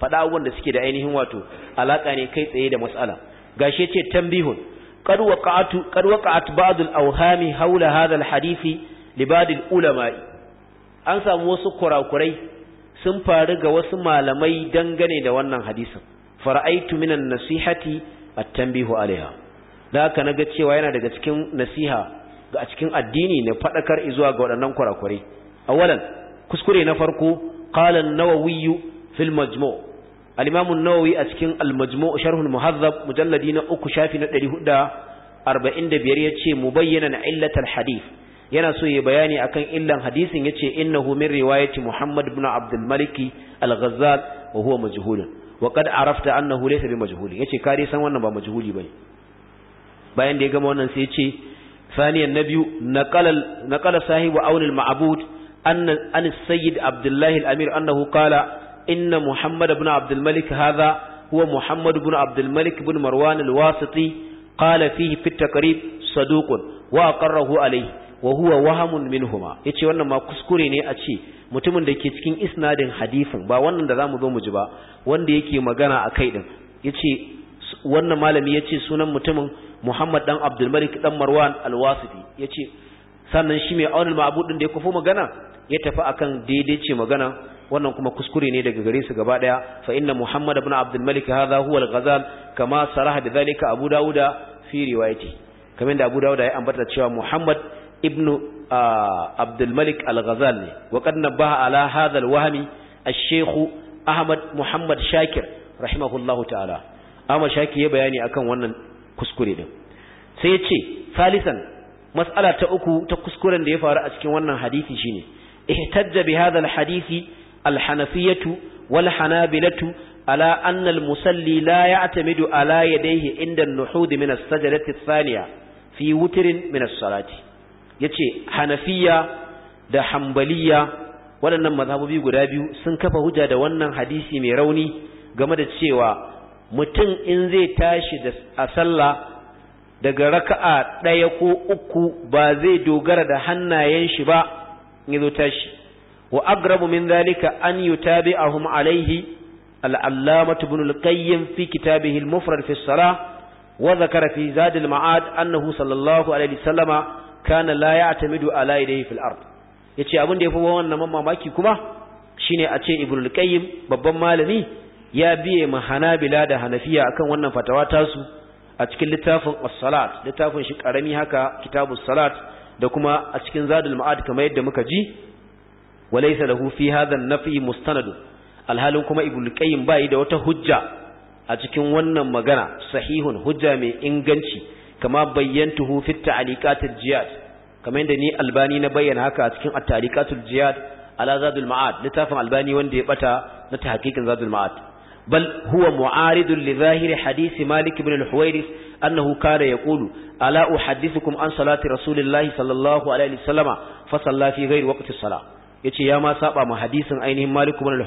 faɗa abubuwan da suke da ainihin wato alaka ne kai tsaye da mas'ala gashi yace tambihun qad waqa'atu qad waqa'at ba'd al-awhami hawla hadha al-hadith li ba'd ulama an samu wasu kurakurai sun faru ga wasu malamai dangane da wannan hadisin fara'aitu minan nasihati at tambihu alaiha da haka naga cewa yana daga cikin nasiha ga a cikin addini ne faɗakar izuwa ga waɗannan kurakurai awalan kuskure na farko ƙalan an-nawawi fil majmu' al nawawi a cikin al Sharhun muhazzab mujalladi na uku, shafi na mu yace na illatal hadith yana so ya bayani akan illan hadisin yace innahu min riwayati muhammad ibn abdul Maliki al-ghazzal wa huwa Waƙar wa qad arafta annahu laysa bi majhul yace kare san wannan ba majhuli bane bayan da ya gama wannan sai yace ثانيا النبي نقل نقل صاحب عون المعبود أن أن السيد عبد الله الأمير أنه قال إن محمد بن عبد الملك هذا هو محمد بن عبد الملك بن مروان الواسطي قال فيه في التقريب صدوق وأقره عليه وهو وهم منهما yace wannan ma kuskure ne a ce mutumin da ke cikin isnadin hadisin ba wannan da zamu zo mu ji ba wanda yake magana akai din yace wannan malami yace sunan mutumin Muhammad dan Abdulmalik dan Marwan Al-Wasiti yace sannan shi mai aunul ma'bud din da ya kufo magana ya tafi akan daidai ce magana wannan kuma kuskure ne daga gare su gaba daya fa inna Muhammad ibn Abdulmalik Malik hadha huwa al-Ghazal kama saraha bidhalika Abu Dawud fi riwayati kamar da Abu Dawud ya ambata cewa Muhammad ibn Abdulmalik Malik al-Ghazal ne wa qad nabaha ala hadha al-wahmi al-Sheikh Ahmad Muhammad Shakir rahimahullahu ta'ala Ahmad Shakir ya bayani akan wannan kuskure din sai ya ce salisan matsala ta uku ta kuskuren da ya faru a cikin wannan hadisi shine ihtajja bi hadha al-hadisi al-hanafiyatu wal hanabilatu ala anna al-musalli la ya'tamidu ala yadayhi inda an-nuhud min as-sajarati ath-thaniya fi wutrin min as-salati yace hanafiya da hanbaliya waɗannan mazhabobi guda biyu sun kafa hujja da wannan hadisi mai rauni game da cewa mutum in zai tashi a sallah daga raka'a ɗaya ko uku ba zai dogara da hannayen shi ba in zo tashi wa agrabu min zalika an yutabi'ahum alaihi al-allamah ibn al-qayyim fi kitabihi al-mufrad fi as-salah wa dhakara fi zad al-ma'ad annahu sallallahu alaihi sallama, kana la ya'tamidu ala yadayhi fil ard yace abin da yafi wannan mamaki kuma shine a ce ibn al-qayyim babban malami ya biye ma hanabila da hanafiya akan wannan fatawa tasu a cikin littafin as-salat littafin shi karami haka kitabus salat da kuma a cikin zadul ma'ad kamar yadda muka ji walaysa lahu fi hadha an-nafi mustanad alhalin kuma ibnu qayyim bai da wata hujja a cikin wannan magana sahihun hujja mai inganci kama bayyantuhu fi ta'liqatil jiyad kamar yadda ni albani na bayyana haka a cikin at-ta'liqatul jiyad ala zadul ma'ad littafin albani wanda ya bata na tahqiqin zadul ma'ad بل هو معارض لظاهر حديث مالك بن الحويرث أنه ya يقول ألا أحدثكم عن صلاة رسول الله صلى الله عليه وسلم فصلى في غير وقت الصلاة yace ya ma saɓa ma hadisin ainihin Malik ibn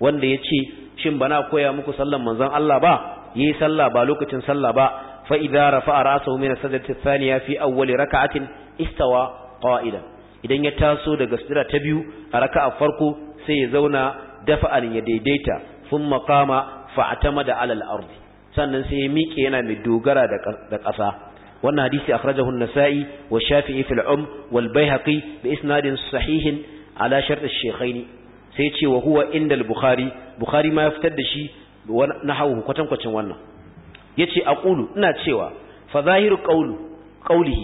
Wanda ya ce yace shin bana koya muku sallan manzon Allah ba yi sallah ba lokacin sallah ba fa idza rafa'a ra'sahu min as-sajdati ath-thaniya fi awwal rak'atin istawa qa'idan idan ya taso daga sujada ta biyu a raka'a farko sai ya zauna dafa'an ya daidaita thumma makama fa'tamada da alal ardi sannan sai ya miƙe yana mai dogara da ƙasa wannan hadisi akhrajahu hun nasai wa shafi fil um wal baihaqi da isnadin sahihin ala shart ash-shaykhaini sai ce wa huwa inda bukhari bukhari ma ya fitar da shi hau kwatankwacin wannan yace aqulu ina cewa fa zahiru qawlu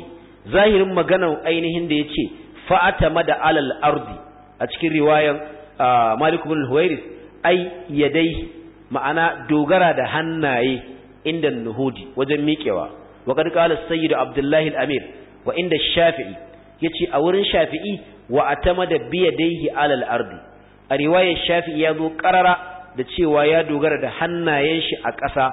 zahirin maganar ainihin da ce fa'ata da alal ardi a cikin riwayan ah, Malik ibn huwairis ai yadai ma'ana dogara da hannaye inda nuhudi wajen miƙewa wa kad qala sayyidu abdullahi al-amir wa inda shafi'i yace a wurin shafi'i wa atamada bi yadayhi ala al-ardi a riwayar shafi'i ya zo qarara da cewa ya dogara da hannayen shi a ƙasa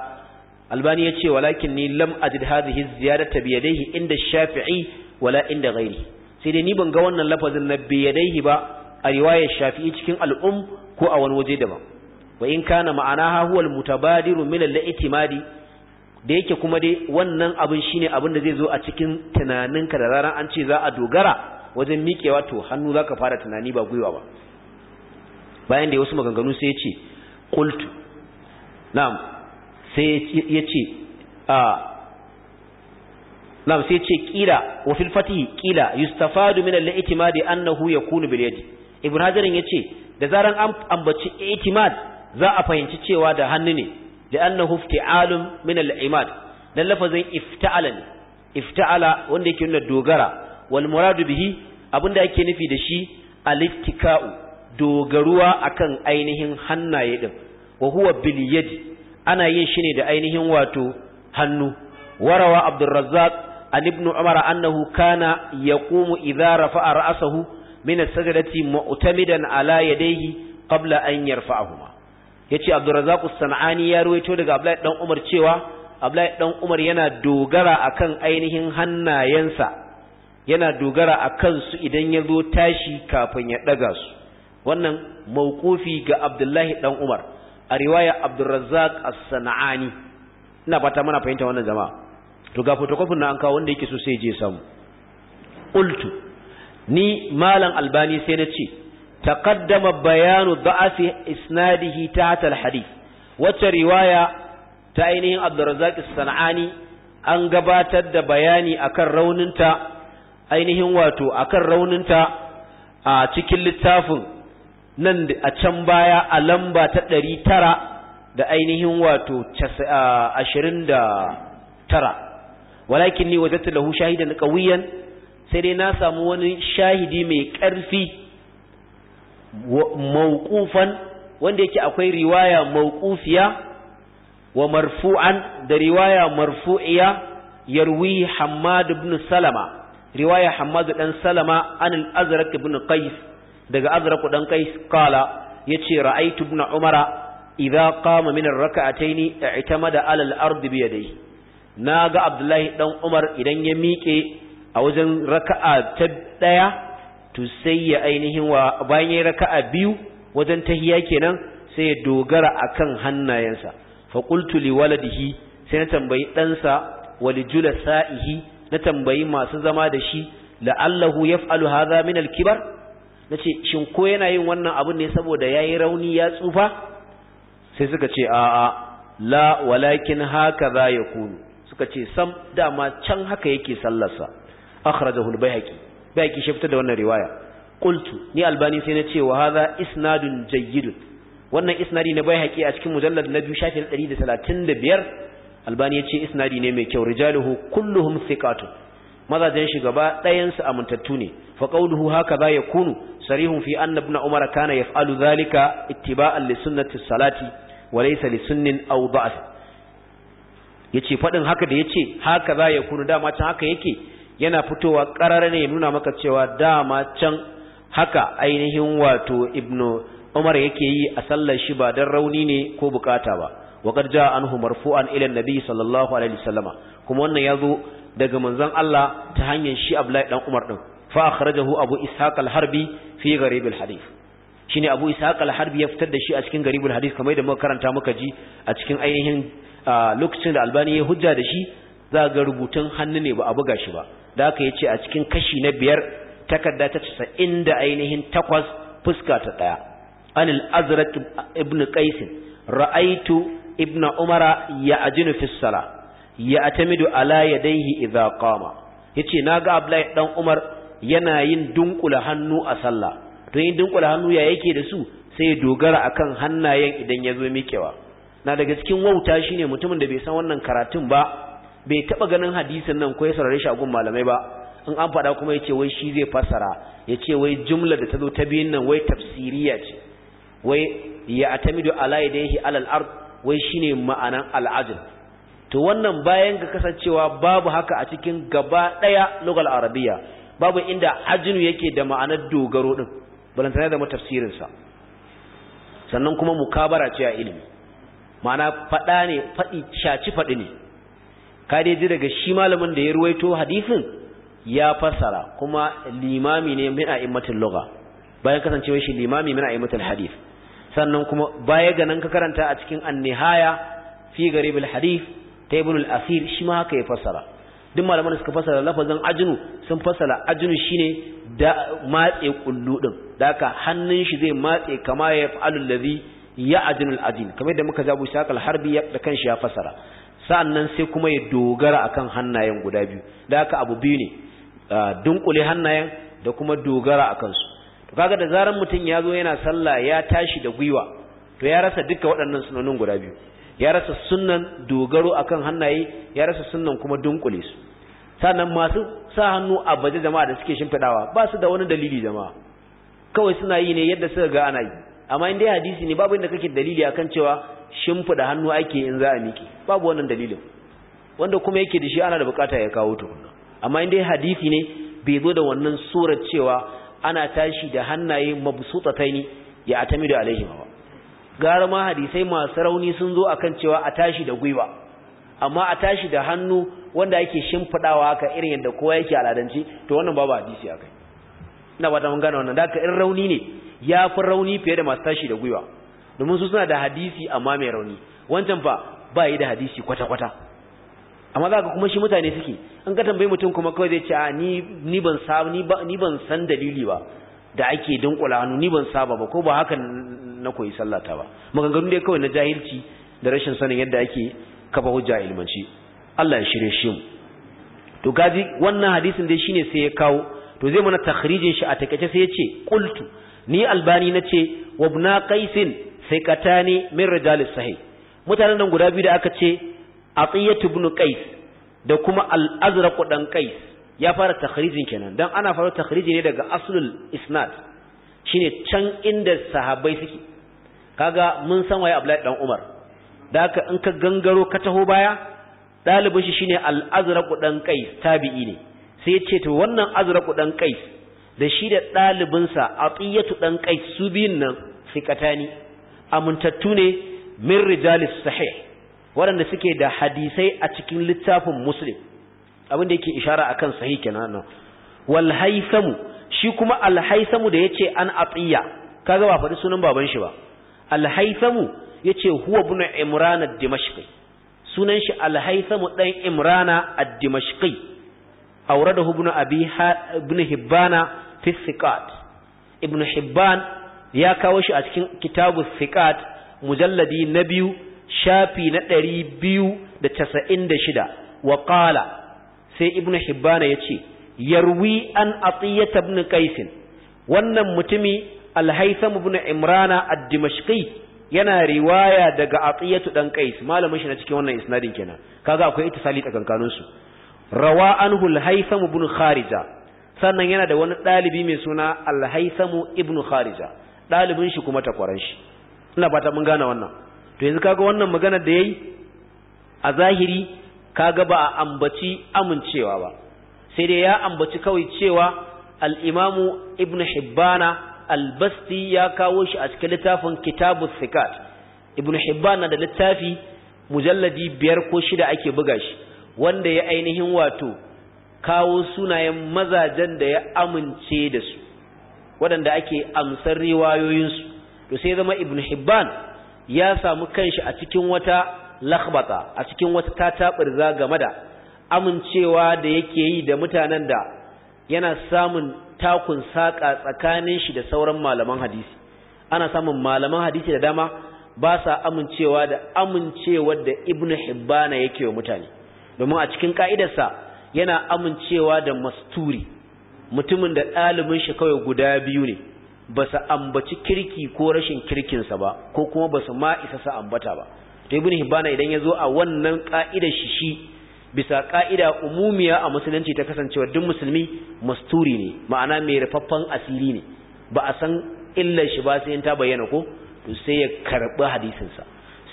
albani yace walakin ni lam ajid hadhihi ziyadata bi yadayhi inda shafi'i wala inda ghairi sai dai ni ban ga wannan lafazin na bi yadayhi ba a riwayar shafi cikin al'um ko a wani waje daban wa in kana ma'ana huwal mutabadiru min al-i'timadi da yake kuma dai wannan abin shine abin da zai zo a cikin tunaninka da zaran an ce za a dogara wajen miƙewa to hannu zaka fara tunani ba gwiwa ba bayan da wasu maganganu sai ya ce qultu na'am sai ya ce a na'am sai ya ce qila wa fil fatih qila yustafadu min al-i'timadi annahu yakunu bil yadi ibn hajarin ya ce da zaran an ambaci itimad za a fahimci cewa da hannu ne da annahu fi'alun min al-imad dan lafazin ifta'ala ne ifta'ala wanda yake nuna dogara wal muradu bihi abinda yake nufi da shi al-ittika'u dogaruwa akan ainihin hannaye din wa huwa bil yadi ana yin shi ne da ainihin wato hannu warawa abdurrazzaq an ibn umar annahu kana yaqumu idza rafa'a ra'sahu min as-sajdati mu'tamidan ala yadayhi qabla an yarfa'ahuma yace Abdurrazzaq as-Sanani ya ruwaito daga Abdullahi dan Umar cewa Abdullahi dan Umar yana dogara akan ainihin hannayensa yana dogara akan su idan ya zo tashi kafin ya daga su wannan mauqufi ga Abdullahi dan Umar a riwaya Abdurrazzaq as-Sanani ina fata muna fahimta wannan jama'a to ga photocopy na an kawo wanda yake so sai je samu qultu ni malam albani sai na ce taqaddama bayanu da'afi isnadihi tahta alhadith wacce riwaya ta ainihin Abdurrazzaq sanani an gabatar da bayani akan rauninta ainihin wato akan rauninta a cikin littafin nan a can baya a lamba ta ɗari tara da ainihin wato ashirin da tara walakin ni wajadtu lahu shahidan qawiyan sai dai na samu wani shahidi mai ƙarfi mawqufan wanda yake akwai riwaya mawqufiya wa marfu'an da riwaya marfu'iya yarwi Hammad ibn Salama riwaya Hammad dan Salama an al-Azraq ibn Qais daga Azraq dan Qais kala yace ra'aytu ibn Umara idza qama min ar-rak'atayn i'tamada ala al-ard bi yadayhi naga Abdullahi dan Umar idan ya miƙe a wajen raka'a ta ɗaya, to sai ya ainihin wa bayan ya raka'a biyu wajen tahiya kenan sai ya dogara akan hannayensa fa qultu li waladihi sai na tambayi ɗansa wa li julasa'ihi na tambayi masu zama da shi la'allahu yaf'alu hadha min al-kibar nace shin ko yana yin wannan abin ne saboda yayi rauni ya tsufa sai suka ce a'a la walakin haka za ya kunu suka ce sam dama can haka yake sallarsa akhrajahu al-bayhaqi bayhaqi shi da wannan riwaya qultu ni albani sai na ce wa hadha isnadun jayyid wannan isnadi na bayhaqi a cikin mujallad na biyu shafin 135 albani ya ce isnadi ne mai kyau rijaluhu kulluhum thiqatu mazajen shi gaba ɗayan su amintattu ne fa qawluhu haka ya kunu? sarihun fi anna ibn umar kana yaf'alu zalika ittiba'an li sunnati salati wa laysa li sunnin aw da'f yace fadin haka da yace haka ya kunu? dama can haka yake yana fitowa ƙarar ne nuna maka cewa dama can haka ainihin wato ibnu umar yake yi a sallar shi ba dan rauni ne ko bukata ba wa qad an anhu marfu'an ila nabi sallallahu alaihi wasallama kuma wannan ya zo daga manzon Allah ta hanyar shi Abdullahi dan Umar din fa akhrajahu Abu Ishaq harbi fi gharib hadith shine Abu Ishaq harbi ya fitar da shi a cikin gharib hadith kamar da muka karanta muka ji a cikin ainihin lokacin da Albani ya hujja da shi za ga rubutun hannu ne ba a buga shi ba da aka yi ce a cikin kashi na biyar takarda ta casa'in da ainihin takwas fuska ta ɗaya anil azrat ibn qaisin ra'aitu ibn umara ya ajinu fi ya atamidu ala yadayhi idza qama yace naga abdullahi dan umar yana yin dunkula hannu a sallah to yin dunkula hannu ya yake da su sai ya dogara kan hannayen idan ya zo mikewa na daga cikin wauta shi ne mutumin da bai san wannan karatun ba bai taba ganin hadisin nan ko ya saurare shi a gun malamai ba in an faɗa kuma ya ce wai shi zai fassara ya ce wai jumla da ta ta biyun nan wai tafsiriya ce wai ya atamidu ala yadayhi alal ard wai shine ma'anan al'adl to wannan bayan ga kasancewa babu haka a cikin gaba daya lugal arabiya babu inda ajinu yake da ma'anar dogaro din balantana da tafsirin sa sannan kuma mukabara ce a ilimi ma'ana fada ne fadi shaci fadi ne ka dai daga shi malamin da ya ruwaito hadisin ya fassara kuma limami ne min a'immatul lugha bayan kasancewa shi limami min a'immatul hadith sannan kuma baya ga nan ka karanta a cikin an-nihaya fi garibul hadith ta ibn al-asir shi ma haka ya fassara duk malaman suka fassara lafazin ajinu sun fassara ajinu shine da matse kullu din daka hannun shi zai matse kama ya fa'alul ladhi ya ajinul ajin kamar da muka zabu shakal harbi da kanshi ya fassara sa'annan sai kuma ya dogara akan hannayen guda biyu da haka abu biyu ne dunkule hannayen da kuma dogara a kansu. to kaga da zarar mutum ya zo yana sallah ya tashi da gwiwa to ya rasa duka waɗannan sunanin guda biyu ya rasa sunan dogaro akan hannaye ya rasa sunan kuma dunkule su sa’an masu sa hannu a baje jama'a da suke shimfiɗawa ba su da wani dalili jama'a kawai suna yi ne yadda suka ga ana yi amma in dai hadisi ne babu inda kake dalili akan cewa shimfida hannu ake in za a miƙe babu wannan dalilin wanda kuma yake da shi ana da bukata ya kawo tukunna amma in dai hadisi ne bai zo da wannan surar cewa ana tashi da hannaye ni ya atamidu alaihi ba gara ma hadisai masu rauni sun zo akan cewa a tashi da gwiwa amma a tashi da hannu wanda ake shimfidawa haka irin yadda kowa yake al'adance, to wannan babu hadisi akai ina ba ta mun gane wannan da in rauni ne ya fi rauni fiye da masu tashi da gwiwa domin su suna da hadisi amma mai rauni wancan fa ba yi da hadisi kwata-kwata amma za ka kuma shi mutane suke an ga tambayi mutum kuma kawai zai ce a ni ban san dalili ba da ake dunkula hannu ni ban saba ba ko ba haka na koyi sallata ba maganganu dai kawai na jahilci da rashin sanin yadda ake kafa hujja ilmanci Allah ya shirye shi to gaji wannan hadisin dai shine sai ya kawo to zai mana takhrijin shi a takeice sai ya ce qultu ni albani nace wabna qaisin Sai thiqatani min rijalis sahih mutanen nan guda biyu da aka ce atiyatu ibn qais da kuma al-azraq dan qais ya fara takhrijin kenan dan ana fara takhriji ne daga aslul isnad shine can inda sahabbai suke kaga mun san waye abdullahi dan umar da haka in ka gangaro ka taho baya dalibin shi shine al-azraq dan qais tabi'i ne sai ya ce to wannan azraq dan qais da shi da ɗalibinsa a dan ɗan su biyun nan sikatani amintattu ne min rijalis sahih waɗanda suke da hadisai a cikin littafin muslim abin da yake ishara akan sahih kenan nan wal shi kuma al haythamu da yace an atiya kaga ba faɗi sunan baban shi ba al haythamu yace huwa ibn imran ad-dimashqi sunan shi al haythamu dan imrana ad-dimashqi awradahu ibn abi ibn hibban fi thiqat ibn hibban ya kawo shi a cikin kitabu fiqat mujalladi na biyu shafi na ɗari biyu da casa'in da shida wa ƙala sai ibn hibbana ya ce yarwi an atiyata ibn qaisin wannan mutumi alhaitham ibn imrana ad-dimashqi yana riwaya daga atiyatu ɗan qais malamin shi na cikin wannan isnadin kenan kaga akwai ittisali tsakankanin su rawa anhu alhaitham ibn kharija sannan yana da wani ɗalibi mai suna alhaitham ibn kharija ɗalibin shi kuma takwaran shi ina fata mun gane wannan to yanzu kaga wannan magana da yayi a zahiri kaga ba a ambaci amincewa ba sai dai ya ambaci kawai cewa al-imamu ibn hibbana al-basti ya kawo shi a cikin littafin kitabus sikat ibn hibbana da littafi mujalladi biyar ko shida ake buga shi wanda ya ainihin wato kawo sunayen mazajen da ya amince da su waɗanda ake amsar riwayoyinsu to sai zama ibn hibban ya samu kanshi a cikin wata lakhbata a cikin wata tataɓirza game da amincewa da yake yi da mutanen da yana samun takun saƙa tsakanin shi da sauran malaman hadisi ana samun malaman hadisi da dama ba sa amincewa da amincewar da ibn hibbana yake wa mutane domin a cikin ƙa'idarsa yana amincewa da masturi mutumin da ɗalibin shi kawai guda biyu ne ba su ambaci kirki ko rashin kirkinsa ba ko kuma ba su ma isa su ambata ba to ibn hibana idan ya zo a wannan ka'idar shi shi bisa ƙa'ida umumiya a musulunci ta kasancewa duk musulmi masturi ne ma'ana mai rufaffen asiri ne ba a san illar shi ba sai ta bayyana ko to sai ya karɓi hadisinsa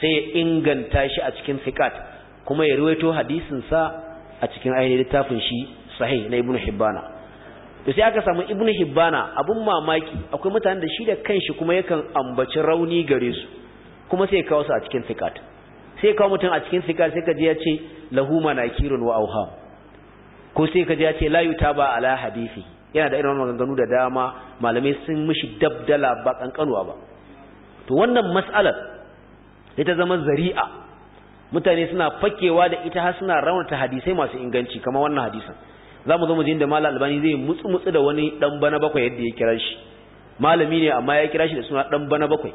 sai ya inganta shi a cikin sikat kuma ya ruwaito hadisinsa a cikin ainihin littafin shi sahih na ibn hibbana to sai aka samu ibnu hibbana abun mamaki akwai mutanen da shi da kanshi kuma yakan ambaci rauni gare su kuma sai kawo su a cikin thiqat sai kawo mutum a cikin thiqat sai kaje ya ce lahu manakirun wa auha ko sai kaje ya ce la yutaba ala hadisi yana da irin wannan maganganu da dama malamai sun mishi dabdala ba kankanuwa ba to wannan mas'alar ita zama zari'a mutane suna fakewa da ita har suna raunata hadisai masu inganci kamar wannan hadisan za mu zo mu ji inda malam albani zai mutsu mutsu da wani dan bana bakwai yadda ya kira shi malami ne amma ya kira shi da suna dan bana bakwai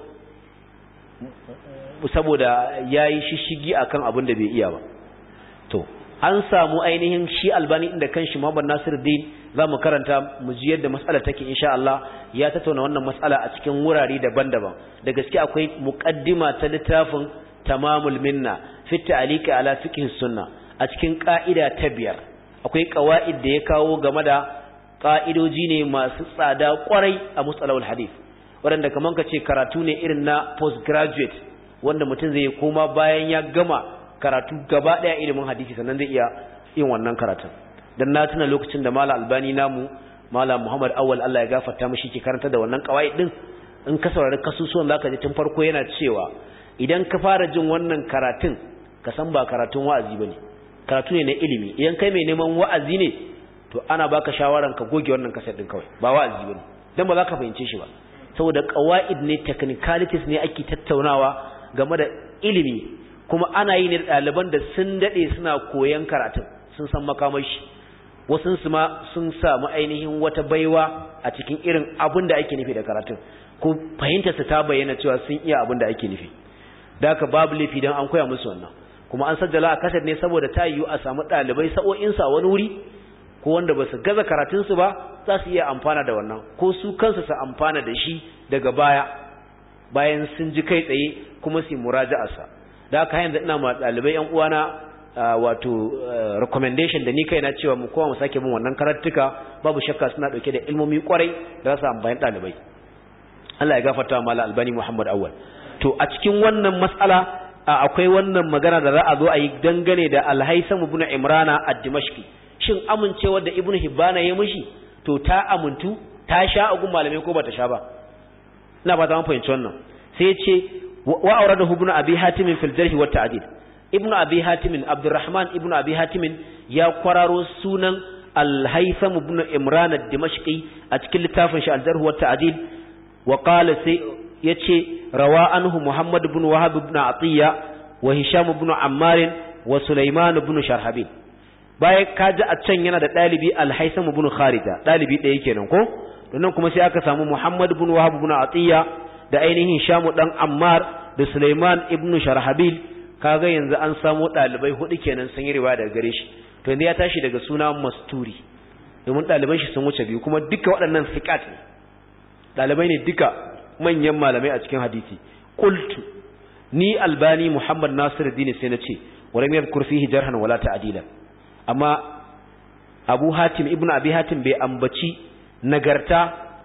saboda ya yi shishigi a kan abin da bai iya ba to an samu ainihin shi albani inda kan shi muhammad nasir din za mu karanta mu ji yadda matsala take insha Allah ya tattauna wannan matsala a cikin wurare daban-daban da gaske akwai muqaddima ta littafin tamamul minna fi ta'alika ala fiqh sunna a cikin ka'ida ta biyar akwai kawa'id da ya kawo game da ka'idoji ne masu tsada kwarai a mustalahul hadith waɗanda kaman ka ce karatu ne irin na postgraduate wanda mutum zai koma bayan ya gama karatu gaba ɗaya ilimin hadisi sannan zai iya yin wannan karatun Don na tuna lokacin da mala albani namu mala muhammad awal Allah ya gafarta shi ke karanta da wannan kawa'id din in ka saurari kasusuwan ka ji tun farko yana cewa idan ka fara jin wannan karatun ka san ba karatun wa'azi ba ne. karatu ne na ilimi idan kai mai neman wa'azi ne to ana baka shawaran ka goge wannan kasar din kawai ba wa'azi bane dan ba za ka fahimce shi ba saboda qawaid ne technicalities ne ake tattaunawa game da ilimi kuma ana yi ne da ɗaliban da sun dade suna koyan karatu sun san makamashi wasu su ma sun samu ainihin wata baiwa a cikin irin abin da ake nufi da karatun ko fahimtar su ta bayyana cewa sun iya abin da ake nufi da haka babu laifi dan an koya musu wannan kuma an sajjala a kasar ne saboda ta yiwu a samu ɗalibai sa'o'insa wani wuri ko wanda ba su gaza karatunsu ba za su iya amfana da wannan ko su kansu su amfana da shi daga baya bayan sun ji kai tsaye kuma su muraja'arsa da haka yanzu ina ma ɗalibai yan uwana wato recommendation da ni kai na cewa mu kowa mu sake bin wannan karatuka babu shakka suna ɗauke da ilmomi kwarai da za su amfani ɗalibai Allah ya gafarta wa Malam Albani Muhammad Awwal to a cikin wannan matsala. A akwai wannan magana da za a zo a yi dangane da alhaisam ibn imrana a dimashki shin amincewa da ibn hibana ya mishi to ta amintu ta sha a gun malamai ko ta sha ba ina ba ta man fahimci wannan sai ya ce wa awradahu ibn abi hatimin fil jarh wa ibn abi hatimin abdurrahman ibn abi hatimin ya kwararo sunan alhaisam ibn imrana ad a cikin littafin shi al wa ta'dil wa sai yace rawa anhu Muhammad ibn Wahab ibn Atiyya wa Hisham ibn Ammar wa Sulaiman ibn Sharhabi baya kaji a can yana da dalibi Al-Haisam ibn Kharija dalibi ɗaya kenan ko nan kuma sai aka samu Muhammad ibn Wahab ibn Atiyya da ainihin Hisham dan Ammar da Sulaiman ibn sharhabi kaga yanzu an samu dalibai hudu kenan sun yi riwaya daga gare shi to ne ya tashi daga suna Masturi domin ɗaliban shi sun wuce biyu kuma duka waɗannan sikat ne ɗalibai ne duka manyan malamai a cikin hadisi qultu ni albani muhammad nasiruddin sai na ce walam yadhkur fihi jarhan wala ta'dila amma abu hatim ibn abi hatim bai ambaci nagarta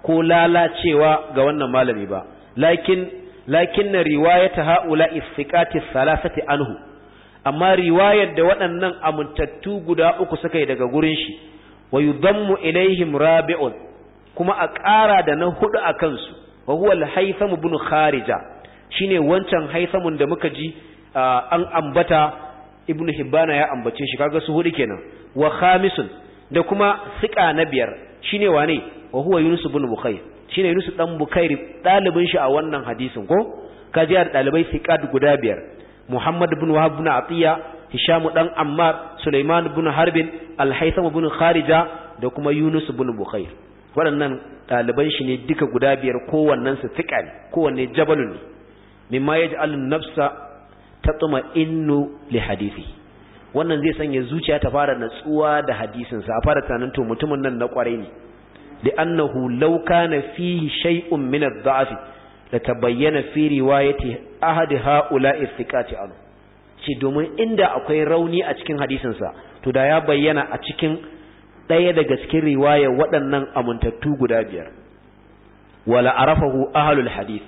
ko lalacewa ga wannan malami ba lakin lakin riwayata haula istiqati salasati anhu amma riwayar da waɗannan amintattu guda uku suka yi daga gurin shi wa yudammu ilaihim rabi'un kuma a ƙara da na hudu a kansu wa huwa al-haytham ibn kharija shine wancan haythamun da muka ji an ambata ibn hibbana ya ambace shi kaga su hudu kenan wa khamisun da kuma siqa na biyar shine wane wa huwa yunus ibn bukhair shine yunus dan bukhair dalibin shi a wannan hadisin ko kaji da dalibai siqat guda biyar muhammad ibn wahab ibn atiya hisham dan ammar sulaiman ibn harbin al-haytham ibn kharija da kuma yunus ibn bukhair waɗannan ɗaliban shi ne duka guda biyar kowannen su fiƙa kowanne jabalun ne ma yaji alun nafsa ta tsuma innu li hadisi wannan zai sanya zuciya ta fara natsuwa da hadisinsa a fara tunanin to mutumin nan na kwarai ne da annahu law kana fihi shay'un min ad-da'f la tabayyana fi riwayati ahad ha'ula'i thiqati an ce domin inda akwai rauni a cikin hadisinsa to da ya bayyana a cikin ɗaya daga cikin riwayar waɗannan amintattu guda biyar wala arafahu ahlul hadith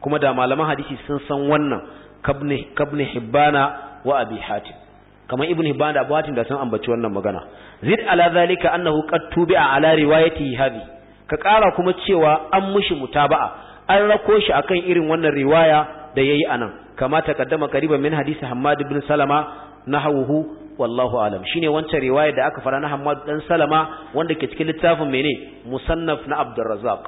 kuma da malaman hadisi sun san wannan kabni hibbana wa abi hatim kamar ibn hibbana da abu hatim da sun ambaci wannan magana zid ala zalika annahu qad tubi'a ala riwayati hadhi ka kara kuma cewa an mushi mutaba'a an rako shi akan irin wannan riwaya da yayi anan kama taqaddama qariban min hadisi hammad ibn salama nahawuhu wallahu alam shine wancan riwaya da aka fara na Hammad dan Salama wanda ke cikin littafin mene musannaf na Razzaq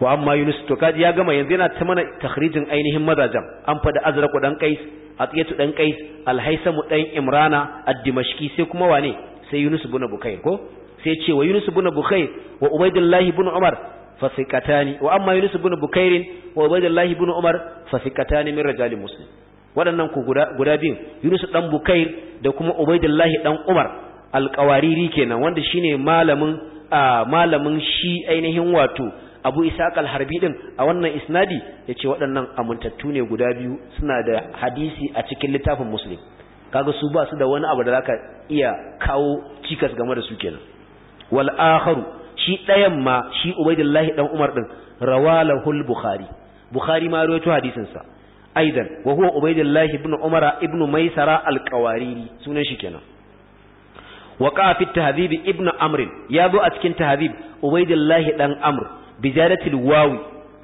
wa amma Yunus to kaji ya gama yanzu yana ta mana takhrijin ainihin mazajan an fada Azraqu dan Qais Atiyatu dan Qais Al-Haisamu dan Imrana Ad-Dimashqi sai kuma wane sai Yunus ibn Bukayr ko sai ce wa Yunus ibn Bukayr wa Ubaydullah ibn Umar fasikatani wa amma yunus ibn bukairin wa ubaydullah ibn umar fasikatani min rajali muslim waɗannan ku guda biyun Yunus dan Bukair da kuma Ubaidullahi ɗan Umar alƙawariri kenan wanda shine malamin malamin shi ainihin wato Abu Isaq alharbi harbi din a wannan isnadi yace waɗannan amintattu ne guda biyu suna da hadisi a cikin littafin Muslim kaga su ba su da wani abu da zaka iya kawo cikas game da su kenan wal akharu shi ɗayan ma shi Ubaidullahi ɗan Umar din rawalahul Bukhari Bukhari ma ruwaito hadisin sa aidan wa huwa ubaidillahi ibn umara maisara al sunan shi kenan waqa ibn amr zo a cikin tahdhib ubaidillahi dan amr bi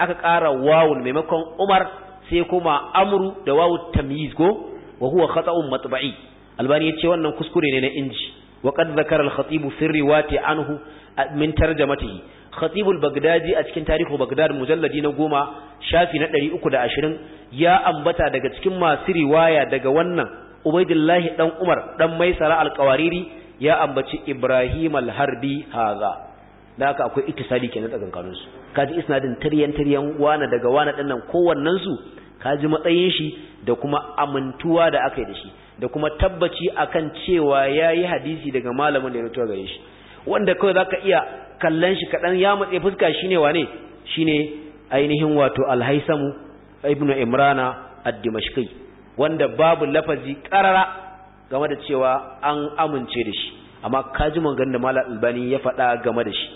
aka ƙara wawun maimakon umar sai kuma amru da wawu tamyiz ko wa huwa matba'i albani yace wannan kuskure ne na inji wa qad zakara al-khatib fi anhu min a cikin mujalladi na shafi na ya ambata daga cikin masu riwaya daga wannan ubaidillahi dan umar dan maisara alqawariri ya ambaci ibrahim alharbi haza da haka akwai ittisali kenan kanun su kaji isnadin taryan taryan wana daga wana dinnan kowannen su kaji matsayin shi da kuma amintuwa da aka yi da shi da kuma tabbaci akan cewa yayi hadisi daga malamin da ya rutuwa gare shi wanda kawai zaka iya kallon shi kadan ya matse fuska shine wane shine ainihin wato alhaisamu ibn imrana ad-dimashqi wanda babu lafazi qarara game da cewa an amince da shi amma kaji magan da malal albani ya faɗa game da shi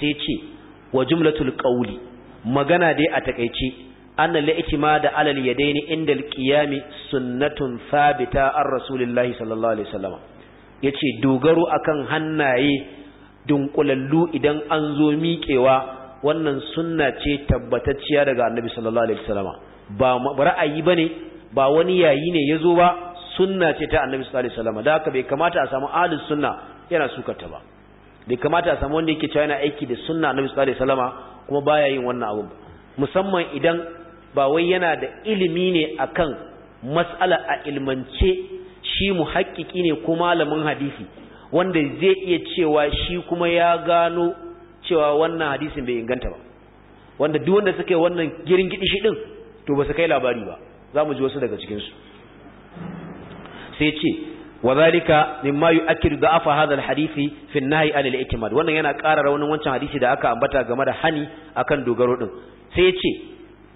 sai ce wa jumlatul qawli magana dai a takeice anna al da ala al yadaini inda al-qiyam sunnatun sabita ar rasulillahi sallallahu alaihi wasallam yace dogaro akan hannaye dunkulallu idan an zo miƙewa wannan sunna ce tabbatacciya daga annabi sallallahu alaihi wasallama ba ra'ayi bane ba wani yayi ne yazo ba sunna ce ta annabi sallallahu alaihi wasallama da haka bai kamata a samu ahlus sunna yana sukata ba bai kamata a samu wanda yake cewa yana aiki da sunna annabi sallallahu alaihi wasallama kuma baya yin wannan abu musamman idan ba wai yana da ilimi ne akan mas'ala a ilmance shi muhakkiki ne ko malamin hadisi wanda zai iya cewa shi kuma ya gano cewa wannan hadisin bai inganta ba wanda duk wanda suka yi wannan girin gidi shi din to ba su kai labari ba za mu ji wasu daga cikin su sai ce wa zalika mimma yu'akkidu da'afa hadha al-hadisi fi an-nahy 'an nahy an al wannan yana ƙara raunin wancan hadisi da aka ambata game da hani akan dogaro din sai ce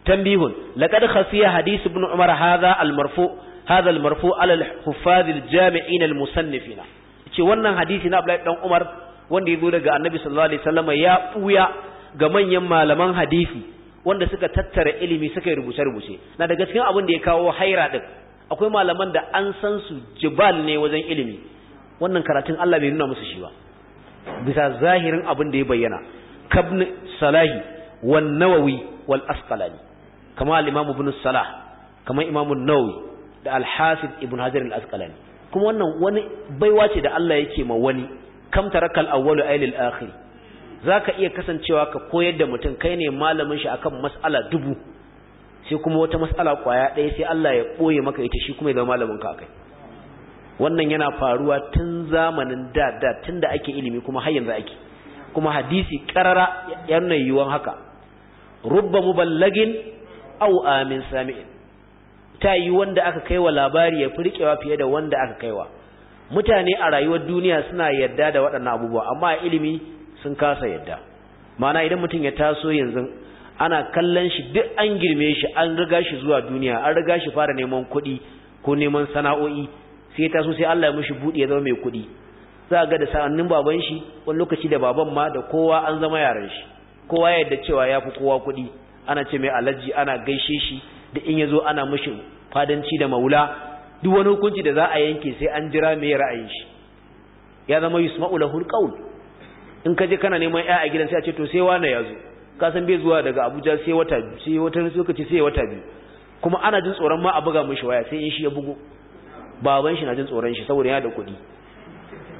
tambihun laqad khasiya hadis ibn umar hadha al-marfu hadha al-marfu 'ala al-huffaz al-jami'in al-musannifina ce wannan hadisi na Abdullahi dan Umar wanda ya zo daga annabi sallallahu alaihi wasallam ya buya ga manyan malaman hadisi wanda suka tattara ilimi suka rubuce-rubuce na daga cikin abin da ya kawo haira din akwai malaman da an san su jibal ne wajen ilimi wannan karatun Allah bai nuna musu shi ba bisa zahirin abin da ya bayyana kabn salahi wan nawawi wal asqalani kama al-imam ibn salah kama imam an-nawawi da al-hasib ibn hajar al-asqalani kuma wannan wani baiwa ce da Allah yake ma wani kam tarakal awwalu ailil akhir zaka iya kasancewa ka koyar da mutum kai ne malamin shi akan mas'ala dubu sai kuma wata mas'ala kwaya ɗaya sai Allah ya koye maka ita shi kuma ya zama malamin ka kai wannan yana faruwa tun zamanin da da tun ake ilimi kuma har yanzu ake kuma hadisi karara yana yiwon haka rubba muballagin aw amin sami'in ta yi wanda aka kaiwa labari ya furkewa fiye da wanda aka kaiwa mutane a rayuwar duniya suna yadda da waɗannan abubuwa amma a ilimi sun kasa yadda mana idan mutum ya taso yanzu ana kallon shi duk an girme shi an riga shi zuwa duniya an riga shi fara neman kuɗi ko neman sana'o'i sai ya taso sai Allah ya mishi buɗe ya zama mai kuɗi za ga da sa'annin baban shi wani lokaci da baban ma da kowa an zama yaran shi kowa ya yadda cewa ya fi kowa kuɗi ana ce mai alaji ana gaishe shi da in ya zo ana mishi fadanci da maula duk wani hukunci da za a yanke sai an jira mai ra'ayin shi ya zama yusma ulahul qaul in ka je kana neman ya a gidan sai a ce to sai wani yazo ka san bai zuwa daga Abuja sai wata sai wata lokaci sai wata biyu kuma ana jin tsoron ma a buga mishi waya sai in shi ya bugo baban shi na jin tsoron shi saboda yana da kuɗi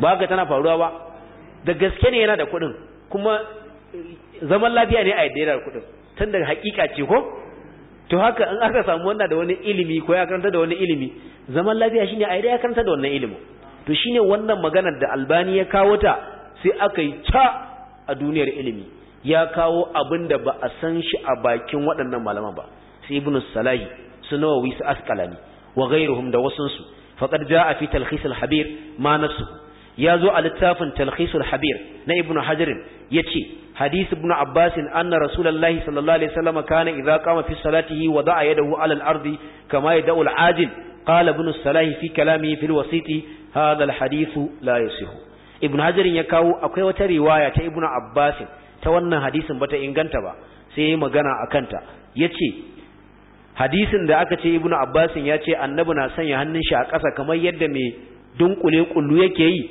ba haka tana faruwa ba da gaske ne yana da kuɗin kuma zaman lafiya ne a yadda kuɗin tun daga hakika ce ko to haka in aka samu wannan da wani ilimi ko ya karanta da wani ilimi zaman lafiya shine a ya karanta da wannan ilimin to shine wannan maganar da albani ya kawo ta sai aka yi ta a duniyar ilimi ya kawo abin da ba a san shi a bakin waɗannan malaman ba su ibn salahi su nawawi su asqalani wa ghayruhum da wasansu su faqad jaa fi talkhis al-habir ma nafsuhu ya zo a littafin talkhis al-habir na ibn hajar yace hadith ibn abbas anna rasulullahi sallallahu alaihi wasallam kana idza qama fi salatihi wada'a yadahu ala al-ardi kama yad'u al-ajil qala ibn salahi fi kalamihi fil wasiti hadha al-hadith la yasihu ibn hajar ya kawo akwai wata riwaya ta ibn abbas ta wannan hadisin bata inganta ba sai yayi magana akan ta yace hadisin da aka ce ibn abbas ya ce annabi na sanya hannun shi a ƙasa kamar yadda mai dunkule kullu yake yi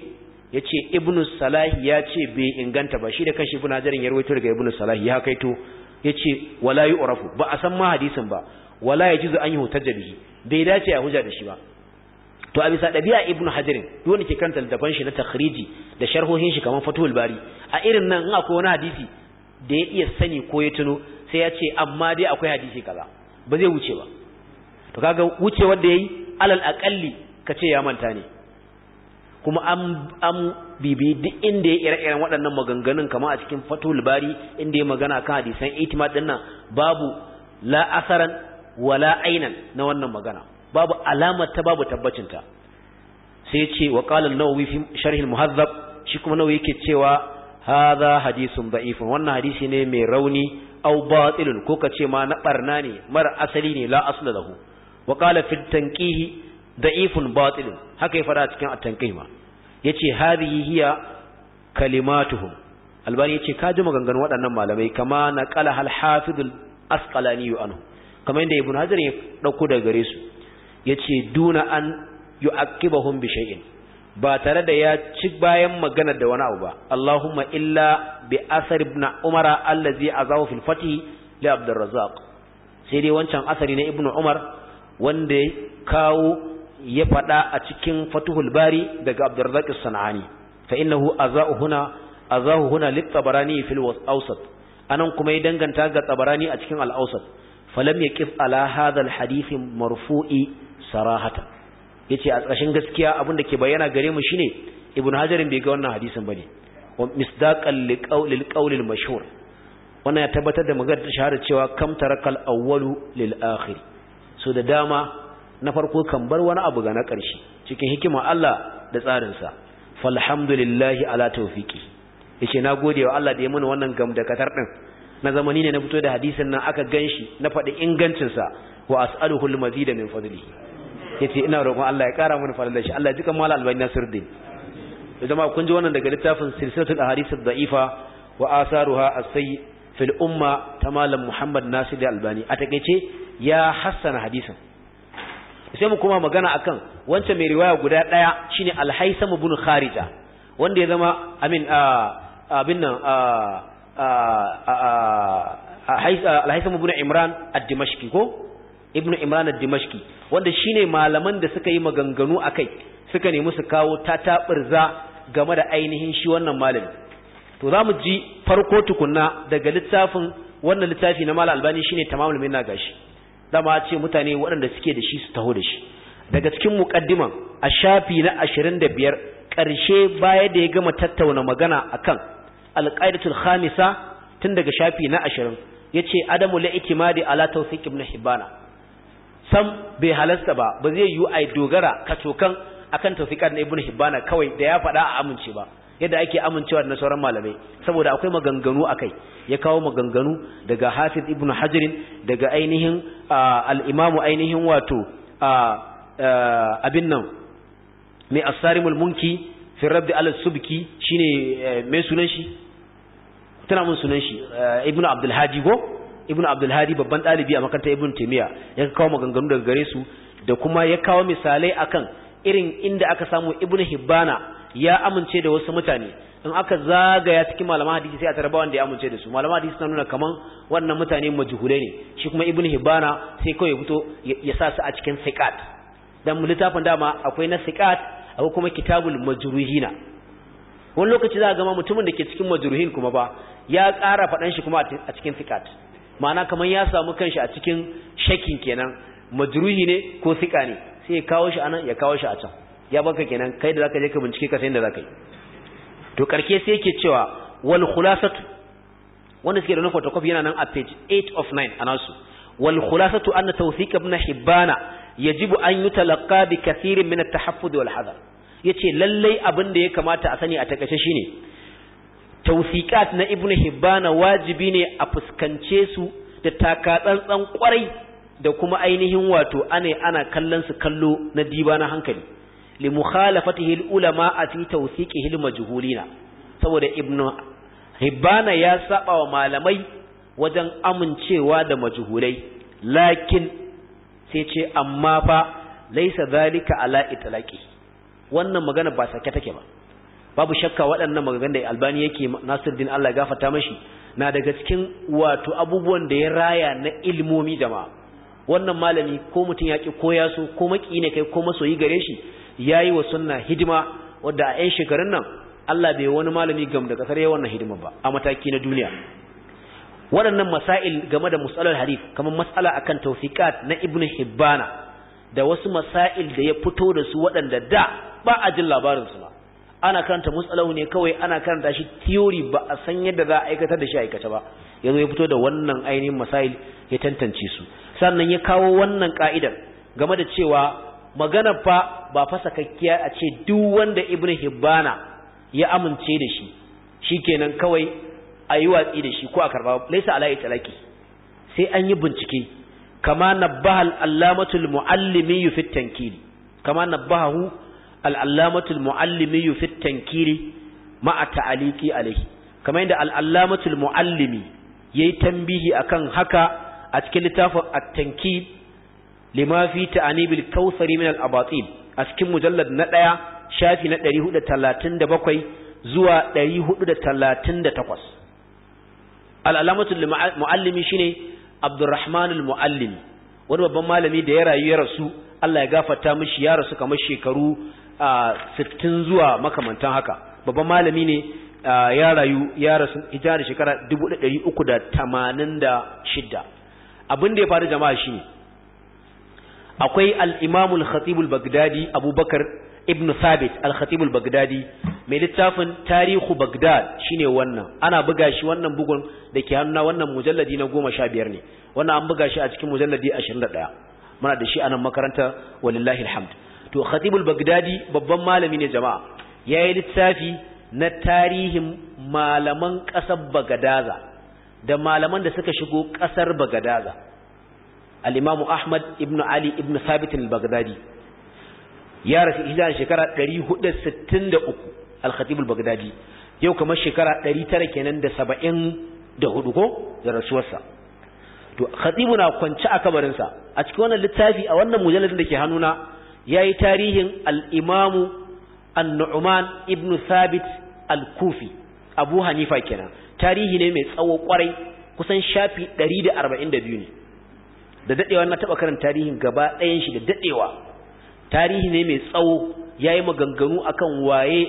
ya ce ibn salahi ya ce bai inganta ba shi da kashi ibn hajjarin ya rawaito daga ibn salahi ya kaito ya ce wala yi urafu ba a san ma hadisin ba wala ya jizu an yi hutar da bihi bai dace a hujja da shi ba to a bisa ɗabi'a ibn hajarin duk wanda ke da ban shi na takhriji da sharhohin shi kamar fatuhul bari a irin nan in akwai wani hadisi da ya iya sani ko ya tuno sai ya ce amma dai akwai hadisi kaza ba zai wuce ba to kaga wanda ya yi alal aqalli kace ya manta ne kuma an an bibi duk inda ya ire-iren waɗannan maganganun kama a cikin fatul bari inda ya magana kan hadisan itimad din nan babu la asaran wala ainan na wannan magana babu alamar ta babu tabbacin ta sai ce wa qala an-nawawi fi sharh al-muhazzab shi kuma nawawi yake cewa hadha hadithun da'ifun wannan hadisi ne mai rauni aw batilun ko ce ma na barna ne mara asali ne la asla lahu wa qala fi tanqihi da'ifun batil haka ya fara cikin at-tanqima yace hadhihi hiya kalimatuhum albani yace ka ji maganganun waɗannan malamai kama na kala hal hafidul asqalani anhu kamar inda ibn hajar ya dauko daga gare su yace duna an yu'aqibahum bi shay'in ba tare da ya ci bayan magana da wani abu ba Allahumma illa bi asar ibn Umar allazi azahu fil fatih li abdurrazzaq sai dai wancan asari na ibn umar wanda kawo ya faɗa a cikin fatuhul bari daga abdurrazzaq sana'ani sanani fa innahu azahu huna azahu lit tabarani fil awsat anan kuma ya danganta ga tabarani a cikin al awsat falam yaqif ala hadha al hadith marfu'i sarahata yace a ƙarshen gaskiya abin da ke bayyana gare mu shine ibn hajarin bai ga wannan hadisin bane wa misdaqan liqawlil qawlil mashhur wannan ya tabbatar da maganar shahara cewa kam tarakal awwalu lil akhir so da dama na farko kan bar wani abu ga na ƙarshe cikin hikima Allah da tsarinsa falhamdulillahi ala tawfiqi yace na gode wa Allah da ya mana wannan gamdakatar din na zamani ne na fito da hadisin nan aka ganshi na faɗi ingancin sa wa as'aluhu al man min fadlihi yace ina roƙon Allah ya ƙara mana falalar shi Allah ya jika mala albani nasiruddin jama'a kun ji wannan daga littafin silsilatul ahadith ad-da'ifa wa asaruha as-sayy fil umma ta malam Muhammad Nasir al-Albani a takeice ya hassana hadisin sai mu kuma magana akan wancan mai riwaya guda daya shine al-haisam ibn kharija wanda ya zama amin abin nan al-haisam ibn imran ad-dimashqi ko ibn imran ad-dimashqi wanda shine malaman da suka yi maganganu akai suka nemi su kawo tataɓirza game da ainihin shi wannan malami to zamu ji farko tukunna daga littafin wannan littafi na malam albani shine tamamul minna gashi dama ce mutane waɗanda suke da shi su taho da shi daga cikin muƙaddiman a shafi na ashirin da biyar, ƙarshe baya da ya gama tattauna magana a kan alƙaidatul khamisa tun daga shafi na ashirin, ya ce adamu la da ala tausayi ibn hibana sam bai halasta ba ba zai yi ai dogara ka kacokan akan tawfiqan ibn hibana kawai da ya faɗa a amince ba yadda ake amincewa da sauran malamai saboda akwai maganganu akai ya kawo maganganu daga Hafiz Ibn Hajar daga ainihin al-Imam ainihin wato abin nan mai asarimul Munki fi rabbi al-Subki shine eh, mai sunan shi tana mun sunan shi eh, Ibn Abdul Hadi go Ibn Abdul Hadi babban dalibi a makarantar Ibn Taymiyyah ya kawo maganganu daga gare su da kuma ya kawo misalai akan irin inda aka samu Ibn Hibbana ya amince da wasu mutane in aka zagaya cikin malaman hadisi sai a tarba wanda ya amince da su malaman hadisi na nuna kaman wannan mutane majhulai ne shi kuma ibnu hibana sai kawai ya fito ya sa su a cikin siqat dan littafin dama akwai na siqat akwai kuma kitabul majruhina wani lokaci za a gama mutumin da ke cikin majruhin kuma ba ya ƙara faɗan shi kuma a cikin siqat ma'ana kaman ya samu kanshi a cikin shakin kenan majruhi ne ko siqa ne sai ya kawo shi anan ya kawo shi a can ya baka kenan kai da zaka je ka bincike ka san da zaka yi to karke sai yake cewa wal khulasatu wanda suke da na photocopy yana nan a page 8 of 9 anasu wal khulasatu anna tawfiq ibn hibana yajibu an yutalaqa bi kathirin min at-tahaffud wal hadar yace lallai abin da ya kamata a sani a takaice shine tawfiqat na ibn hibana wajibi ne a fuskance su da takatsantsan kwarai da kuma ainihin wato ane ana kallon su kallo na diba na hankali li mukhalafatihi al-ulama fi tawthiqihi al-majhulina saboda ibnu hibbana ya saba wa malamai wajen amincewa da majhulai lakin sai ce amma fa laisa zalika ala itlaqi wannan magana ba sake take ba babu shakka waɗannan maganganun da albani yake nasiruddin Allah ya gafarta mashi na daga cikin wato abubuwan da ya raya na ilmomi jama'a wannan malami ko mutum ya ki koya so ko maƙi ne kai ko masoyi gare shi Ya yi wa sunna hidima wadda a 'yan shekarun nan Allah bai wani malami gam da kasar yawan wannan hidima ba a mataki na duniya waɗannan masail game da matsalar hadith kamar matsala akan tawfiqat na Ibn Hibbana da wasu masail da ya fito da su waɗanda da ba a jin labarin su ba ana karanta musalahu ne kawai ana karanta shi theory ba a san yadda za a aikatar da shi aikata ba yanzu ya fito da wannan ainihin masail ya tantance su sannan ya kawo wannan ka'idar game da cewa magana fa ba fa sakakkiya a ce duk wanda ibnu hibbana ya amince da shi shikenan kawai a yi watsi da shi ko a karba laisa ala talaki. sai an yi bincike kama nabbaha allamatul muallimi fi tankiri, kama nabbahu al-allamatul muallimi fi tankili ma'a ta'aliki alaihi kama inda al-allamatul muallimi yayi tambihi akan haka a cikin littafin at-tankil lima fi ta'anibil kautsari min al-abatin a cikin mujallad na ɗaya shafi na 437 zuwa 438 al-alamatu al-muallimi shine Abdurrahman al-muallim wani babban malami da ya rayu ya rasu Allah ya gafarta mishi ya rasu kamar shekaru 60 zuwa makamantan haka babban malami ne ya rayu ya rasu hijira da shekara 386 abin da ya faru jama'a shine akwai al-imam Bagdadi abubakar ibn thabit al khatibul bagdadi mai littafin tarihu bagdad shine wannan ana buga shi wannan bugun da ke hannuna wannan mujalladi na biyar ne wannan an buga shi a cikin mujalladi ashirin da ɗaya muna da shi a nan makaranta walillahi alhamd to khatibul Bagdadi babban malami ne jama'a ya yi littafi na tarihin malaman ƙasar bagadaza da malaman da suka shigo ƙasar bagadaza alimamu Ahmad ibn Ali ibn Sabitin al-Baghdadi ya rasu hijira shekara 463 al-Khatib al-Baghdadi yau kamar shekara 900 kenan da 74 ko da rasuwarsa to Khatibu na kwance a kamarinsa a cikin wannan littafi a wannan mujalladin ke hannuna yayi tarihin al-Imam An-Nu'man ibn Sabit al-Kufi Abu Hanifa kenan tarihi ne mai tsawo kwarai kusan shafi 142 ne da dadewa na taba karanta tarihin gaba ɗayan shi da dadewa tarihi ne mai tsawo yayi maganganu akan waye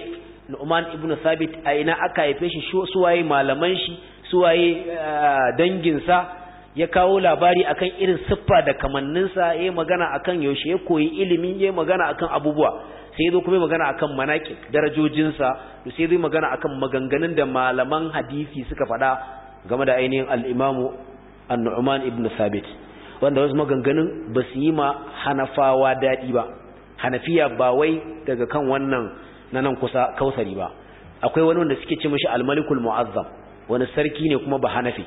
Nu'man ibn Thabit a ina aka haife shi su waye malaman shi su waye ah, dangin sa ya kawo labari akan irin siffa da kamanninsa ya magana akan yaushe ya koyi ilimin yayi magana akan abubuwa sai ya zo kuma magana akan manaki darajojinsa to sai zai magana akan maganganun da malaman hadisi suka faɗa game da ainihin al'imamu an-nu'man ibn sabit wanda wasu maganganun ba su yi ma hanafawa daɗi ba hanafiya ba wai daga kan wannan na nan kusa kausari ba akwai wani wanda suke ce mashi almalikul mu'azzam wani sarki ne kuma ba hanafi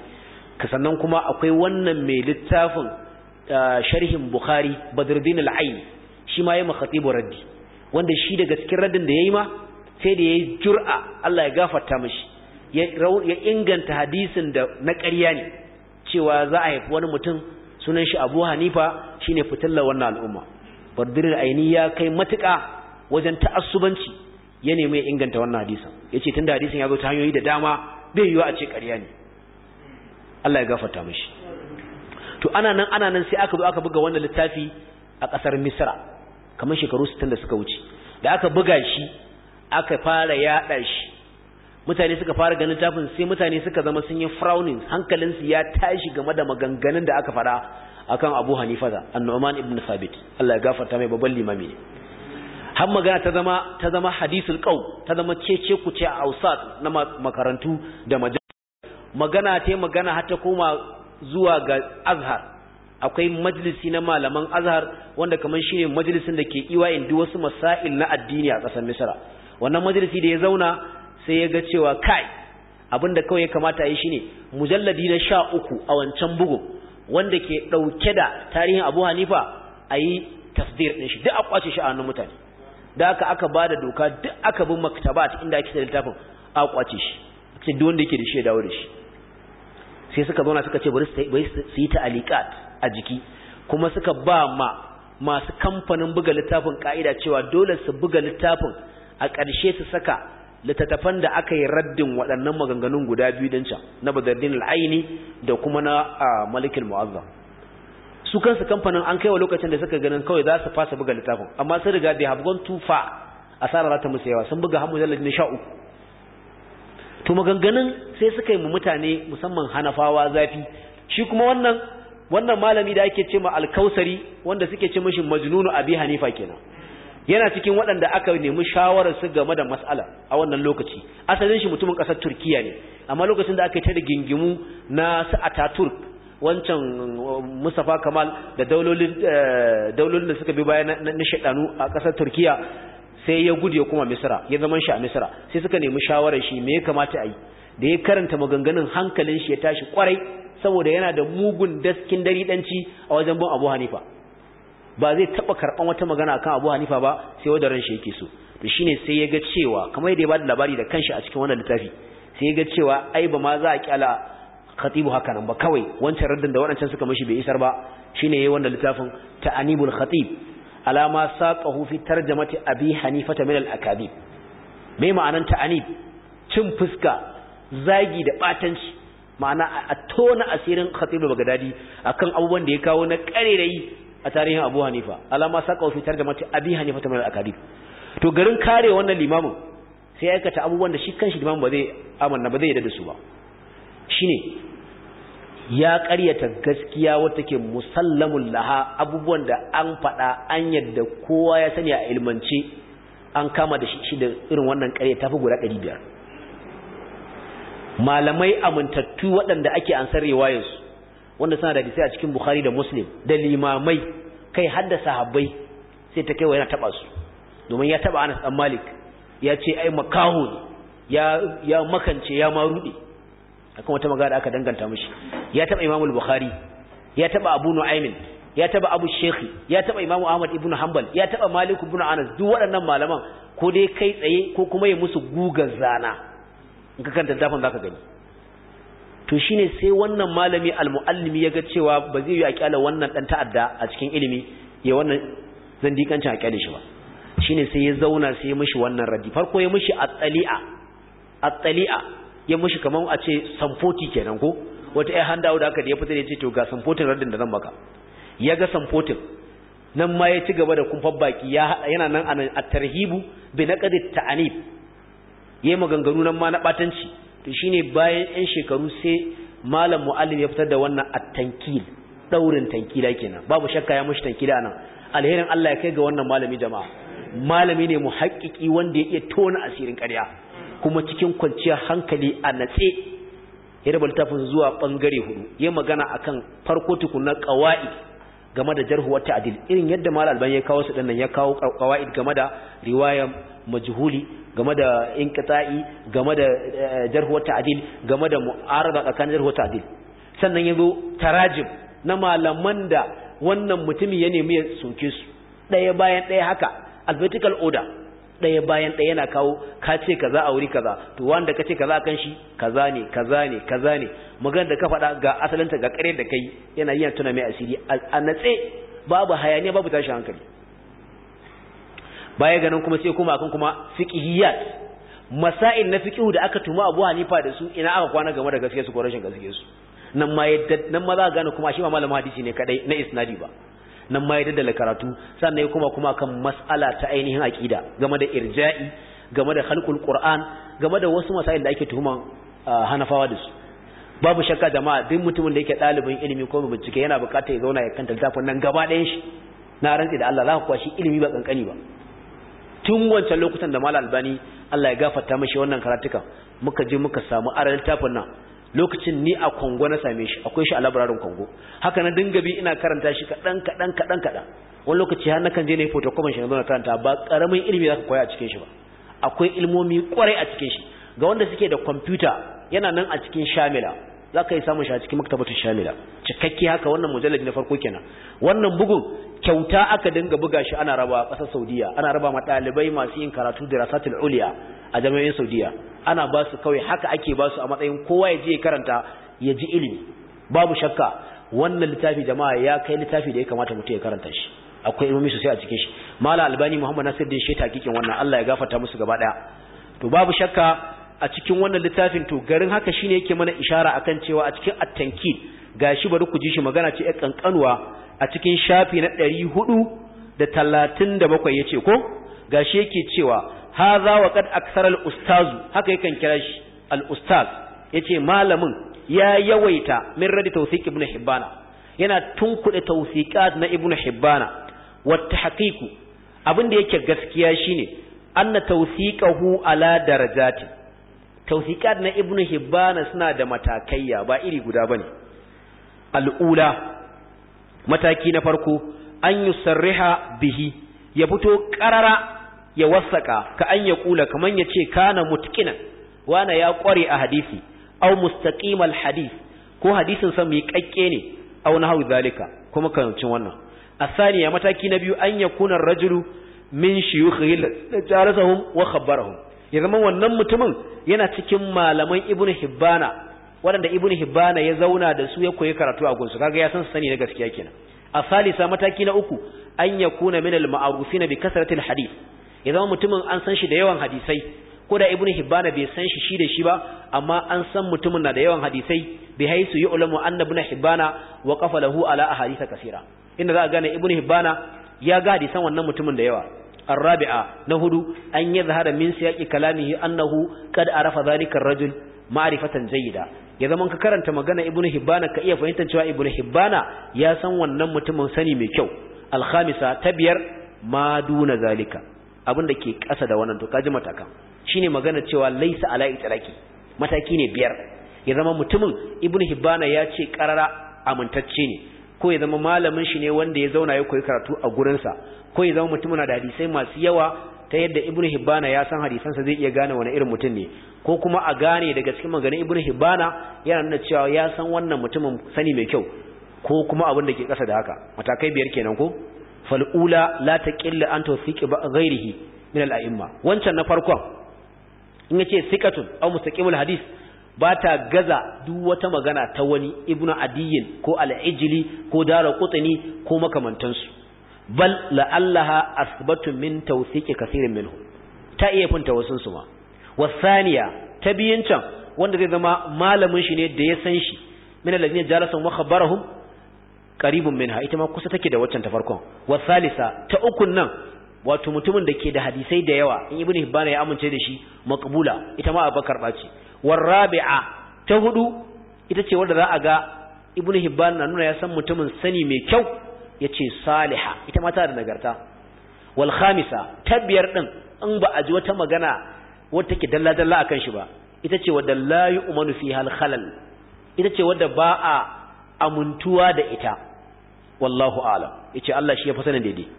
sannan kuma akwai wannan mai littafin eh, sharhin bukhari badruddin al-ayn shi ma yayi khatibu raddi wanda shi daga cikin raddin da ya yi ma sai da ya yayi jur'a Allah ya gafarta mashi. ya inganta hadisin da na ƙarya ne cewa za a haifi wani mutum sunan shi abu hanifa shi ne fitilla wannan al'umma bardirin aini ya kai matuƙa wajen ta'assubanci ya nemi ya inganta wannan hadisin yace tunda hadisin ya zo ta hanyoyi da dama bai yiwu a ce ƙarya ne Allah ya gafarta mishi to ana nan ana nan sai aka zo aka buga wannan littafi a ƙasar Misra kamar shekaru 60 da suka wuce da aka buga shi aka fara yaɗa shi mutane suka fara ganin tafin sai mutane suka zama sun yi frowning hankalinsu ya tashi game da maganganun da aka fada akan Abu Hanifa da annoman ibn Sabit. Allah ya gafarta mai babban limami ne har magana ta zama ta zama hadisul qaw ta zama cece ku ce a ausat na makarantu da magana ta magana har ta koma zuwa ga Azhar akwai majalisi na malaman Azhar wanda kamar shine majalisin da ke iwayin e duk wasu masail na addini a ƙasar Misra wannan majalisi da ya zauna sai ya ga cewa kai abinda kawai ya kamata yi ne mujalladi na sha uku a wancan bugu wanda ke ɗauke da tarihin abu hanifa a yi tasdir ɗin shi duk a kwace shi a hannun mutane da aka aka ba da doka duk aka bin maktabat inda ake da littafin a kwace shi ce duk wanda yake da shi ya dawo da shi sai suka zauna suka ce bari su yi ta'alikat a jiki kuma suka ba ma masu kamfanin buga littafin ka'ida cewa dole su buga littafin a ƙarshe su saka littattafan da aka yi raddin waɗannan maganganun guda biyu din can na badardin al'aini da kuma na malikin mu'azzam su kansu kamfanin an kaiwa lokacin da suka ganin kawai za su fasa buga littafin amma sun riga da habgon tufa a far ta musu yawa sun buga hamu zalla na sha uku to maganganun sai suka yi mu mutane musamman hanafawa zafi shi kuma wannan wannan malami da ake ce ma alkausari wanda suke ce mashi majnunu abi hanifa kenan yana cikin waɗanda aka nemi shawarar su game da matsala a wannan lokaci asalin shi mutumin ƙasar Turkiya ne amma lokacin da aka yi ta da gingimu na su Ataturk wancan uh, Mustapha Kamal da uh, daulolin da suka bi bayan na shaɗanu a ƙasar Turkiya sai ya gudu ya kuma Misira, ya zama shi a Misira, sai suka nemi shawarar shi me ya kamata a yi da ya karanta maganganun hankalin shi ya tashi kwarai saboda yana da mugun daskin dariɗanci a wajen bin Abu Hanifa ba zai taba karban wata magana akan Abu Hanifa ba sai wadda ran shi yake so to shine sai ya ga cewa kamar yadda ya bada labari da kanshi a cikin wannan littafi sai ya ga cewa ai ba ma za a kyala khatibu haka nan ba kawai wancan raddin da wadancan suka mishi bai isar ba shine yayi wannan littafin ta'anibul khatib alama saqahu fi tarjamati abi ta min al-akabib me ma'anan ta'anib cin fuska zagi da batanci ma'ana a tona asirin khatib bagdadi akan abubuwan da ya kawo na karerai a tarihin Abu Hanifa alama saka fitar da mata Abi Hanifa ta mara akadib to garin kare wannan limamin sai ya aikata abubuwan da shi kanshi limamin ba zai amanna ba zai yarda da su ba Shi ne ya ƙaryata gaskiya wata ke musallamun laha abubuwan da an faɗa an yadda kowa ya sani a ilmance an kama da shi da irin wannan ƙarya fi guda ɗari biyar malamai amintattu waɗanda ake ansar riwayarsu wanda suna da sai a cikin bukhari da muslim da limamai kai hadda sahabbai sai ta kai wa yana taba su domin ya taba anas dan malik ya ce ai makaho ya makance ya ma rude akan wata magana aka danganta mishi ya taba imamul bukhari ya taba abu nu'aymin ya taba abu shekhi ya taba Imam ahmad ibnu hanbal ya taba malik ibn anas duk waɗannan malaman ko dai kai tsaye ko kuma ya musu gugan zana in ka kanta dafan zaka gani to shine sai wannan malami almuallimi ga cewa ba zai yi akala wannan dan ta'adda a cikin ilimi ya wannan zandikancin akale shi ba shine sai ya zauna sai ya mishi wannan radi farko ya mishi at-tali'a at-tali'a ya mishi kaman a ce samfoti kenan ko wata ai handawo da aka da ya fita da ya ce to ga samfotin radin da zan baka ya ga samfotin nan ma ya ci gaba da kumfan baki ya yana nan a tarhibu bi naqdi ta'anib yayi maganganu nan ma na batanci to shine bayan 'yan shekaru sai malam muallim ya fitar da wannan at-tankil daurin tankila kenan babu shakka ya mushi tankila nan alherin Allah ya kai ga wannan malami jama'a malami ne muhakkiki wanda ya iya tona asirin ƙarya kuma cikin kwanciyar hankali a natse ya rubuta zuwa bangare hudu ya magana akan farko tukunna qawaid game da jarhu wata adil irin yadda mal alban ya kawo su dinnan ya kawo qawaid game da riwaya majhuli game da inqita'i game da eh, jarhu wata adil game da mu'arada tsakanin jarhu wata adil sannan zo tarajim na malaman da wannan mutumin ya nemi ya soke su daya bayan daya haka alphabetical order ɗaya bayan ɗaya yana kawo ka ce kaza a wuri kaza to wanda ka ce kaza kan shi kaza ne kaza ne kaza ne magana da ka faɗa ga asalinta ga kare da kai yana yin tuna mai asiri a natse babu hayaniya babu tashi hankali baya ganin kuma sai kuma akan kuma fiqhiyat masail na fiqhu da aka tuma Abu Hanifa da su ina aka kwana game da gaskiyar su ko rashin gaskiyar su nan ma yadda nan ma za ka gane kuma shi ma malamin hadisi ne kadai na isnadi ba nan ma ya daddala karatu sannan ya kuma kuma kan mas'ala ta ainihin aƙida game da irja'i game da halkul qur'an game da wasu masail da ake tuhuman hanafawa da su babu shakka jama'a duk mutumin da yake ɗalibin ilimi ko bincike yana buƙatar ya zauna ya kanta littafin nan gaba ɗayan shi na rantsi da Allah za ka kwashi ilimi ba kankani ba tun wancan lokutan da mala Albani Allah ya gafata mashi wannan karatukan muka je muka samu aran littafin nan lokacin ni a kongo na same shi akwai shi a labararin kongo haka na dinga bi ina karanta shi kaɗan kaɗan kaɗan kaɗan wani lokaci har nakan je na yi photocopy shi na karanta ba ƙaramin ilimi za ka koya a cikin shi ba akwai ilmomi ƙwarai a cikin shi ga wanda suke da kwamfuta yana nan a cikin shamila za ka yi samun shi a cikin maktabatun shamila cikakke haka wannan mujallaji na farko kenan wannan bugun kyauta aka dinga buga shi ana raba ƙasar saudiya ana raba ma ɗalibai masu yin karatu da rasatul uliya a jami'in saudiya ana ba su kawai haka ake ba su a matsayin kowa ya je ya karanta ya ji ilimi babu shakka wannan littafi jama'a ya kai littafi da ya kamata mutum ya karanta shi akwai ilimi sosai a cikin shi mala albani muhammad nasir din shi takikin wannan Allah ya gafarta musu gaba daya to babu shakka a cikin wannan littafin to garin haka shine yake mana ishara akan cewa a cikin at-tankid gashi bari ku ji shi magana ce ya kankanuwa a cikin shafi na da 437 yace ko gashi yake cewa haza wa kad aksar al ustazu haka yakan kira shi al ustaz yace malamin ya yawaita min radi tawfiq ibn hibbana yana tunkuɗe tawfiqat na ibn hibbana wa tahqiqu abin da yake gaskiya shine anna tawfiqahu ala darajati tawfiqat na ibn hibbana suna da matakaiya ba iri guda bane ula mataki na farko an yusarriha bihi ya fito ƙarara ya wasaka ka an ya kula kaman ya ce kana mutkinan wana ya kware a hadisi au mustaqimal hadis ko hadisin sa mai kakke ne aw nahu zalika kuma kan cin wannan asaniya mataki na biyu an kuna rajulu min shuyukhil jarasahum wa khabarahum ya zama wannan mutumin yana cikin malaman Ibn hibbana waɗanda ibnu hibbana ya zauna da su ya koyi karatu a gunsu kaga ya san sani na gaskiya kenan salisa mataki na uku an kuna min al ma'rufina bi kasratil hadith ya zama mutumin an san shi da yawan hadisai ko da ibnu hibbana bai san shi shi da shi ba amma an san mutumin na da yawan hadisai bi haisu yu'lamu anna ibnu hibbana wa qafalahu ala ahadith kaseera inda za ga ne ibnu hibbana ya ga hadisan wannan mutumin da yawa arabi'a na hudu an yadhhara min siyaqi kalamihi annahu kada a rafa ar-rajul ma'rifatan jayyida ya zaman ka karanta magana ibnu hibbana ka iya fahimtar cewa ibnu hibbana ya san wannan mutumin sani mai kyau al ta biyar ma zalika abin da ke ƙasa da wannan to kaji matakan shine magana cewa laisa ala itraki mataki ne biyar ya zama mutumin ibnu hibbana ya ce qarara amintacce ne ko ya zama malamin shi ne wanda ya zauna ya koyi karatu a gurin sa ko ya zama mutumin da hadisai masu yawa ta yadda ibnu hibbana ya san hadisan sa zai iya gane wani irin mutum ne ko kuma a gane daga cikin maganin ibnu hibana yana nuna cewa ya san wannan mutumin sani mai kyau ko kuma abin da ke ƙasa da haka matakai biyar kenan ko fal'ula la taqillu an tawfiqi ghairihi min al'a'imma wancan na farkon in ce thiqatun aw mustaqimul hadis ba ta gaza duk wata magana ta wani ibnu adiyin ko al'ijili ko dara kutsini ko makamantansu bal la'allaha asbatu min tawthiqi kasirin minhu ta iya funta wasun su ma wasaniya ta biyan can wanda zai zama malamin shi ne da ya san shi min alladhina jalasu wa qaribun minha ita ma kusa take da waccan ta farkon wa salisa ta ukun nan wato mutumin da ke da hadisai da yawa in ibnu hibban ya amince da shi maqbula ita ma abakar bace Wa rabi'a ta hudu ita ce wanda za a ga ibnu hibban na nuna ya san mutumin sani mai kyau yace saliha ita ma ta da nagarta wal khamisa ta biyar din in ba a ji wata magana wata take dalla dalla akan shi ba ita ce wadda la yu'manu fiha al khalal ita ce wadda ba a amuntuwa da ita wallahu alam yace Allah shi ya fi sanin daidai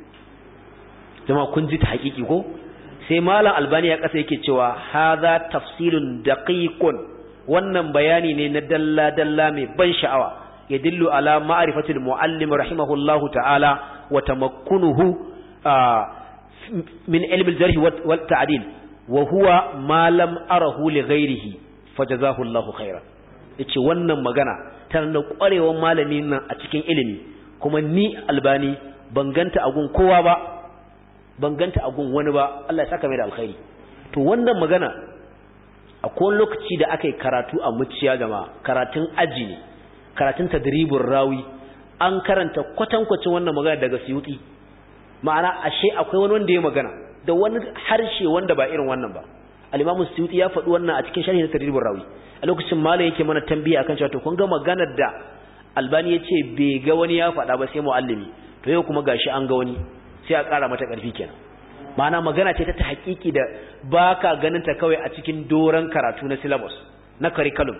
jama'a kun ji ta hakiki ko sai malam albani ya kasa yake cewa hadha tafsilun daqiqun wannan bayani ne na dalla dalla mai ban sha'awa yadullu ala ma'rifatil muallim rahimahullahu ta'ala wa tamakkunuhu min ilm al-jarh wa ta'dil wa huwa ma lam arahu li ghayrihi fajazahu Allahu khairan yace wannan magana tana da kwarewar malamin nan a cikin ilimi kuma ni albani ban ganta agun kowa ba ban ganta agun wani ba Allah ya saka mai da alkhairi to wannan magana a kowane lokaci da aka yi karatu a muciya jama'a karatun aji ne karatun tadribur rawi an karanta kwatankwacin wannan magana daga siyuti ma'ana ashe akwai wani wanda ya magana da wani harshe wanda ba irin wannan ba al siyuti ya faɗi wannan a cikin sharhi na rawi a lokacin malam yake mana tambiya akan cewa to kun ga maganar da albani ya ce bai ga wani ya faɗa ba sai mu'allimi to yau kuma gashi an ga wani sai a ƙara mata ƙarfi kenan ma'ana magana ce ta ta haƙiƙi da ba ka ganin ta kawai a cikin doron karatu na syllabus na curriculum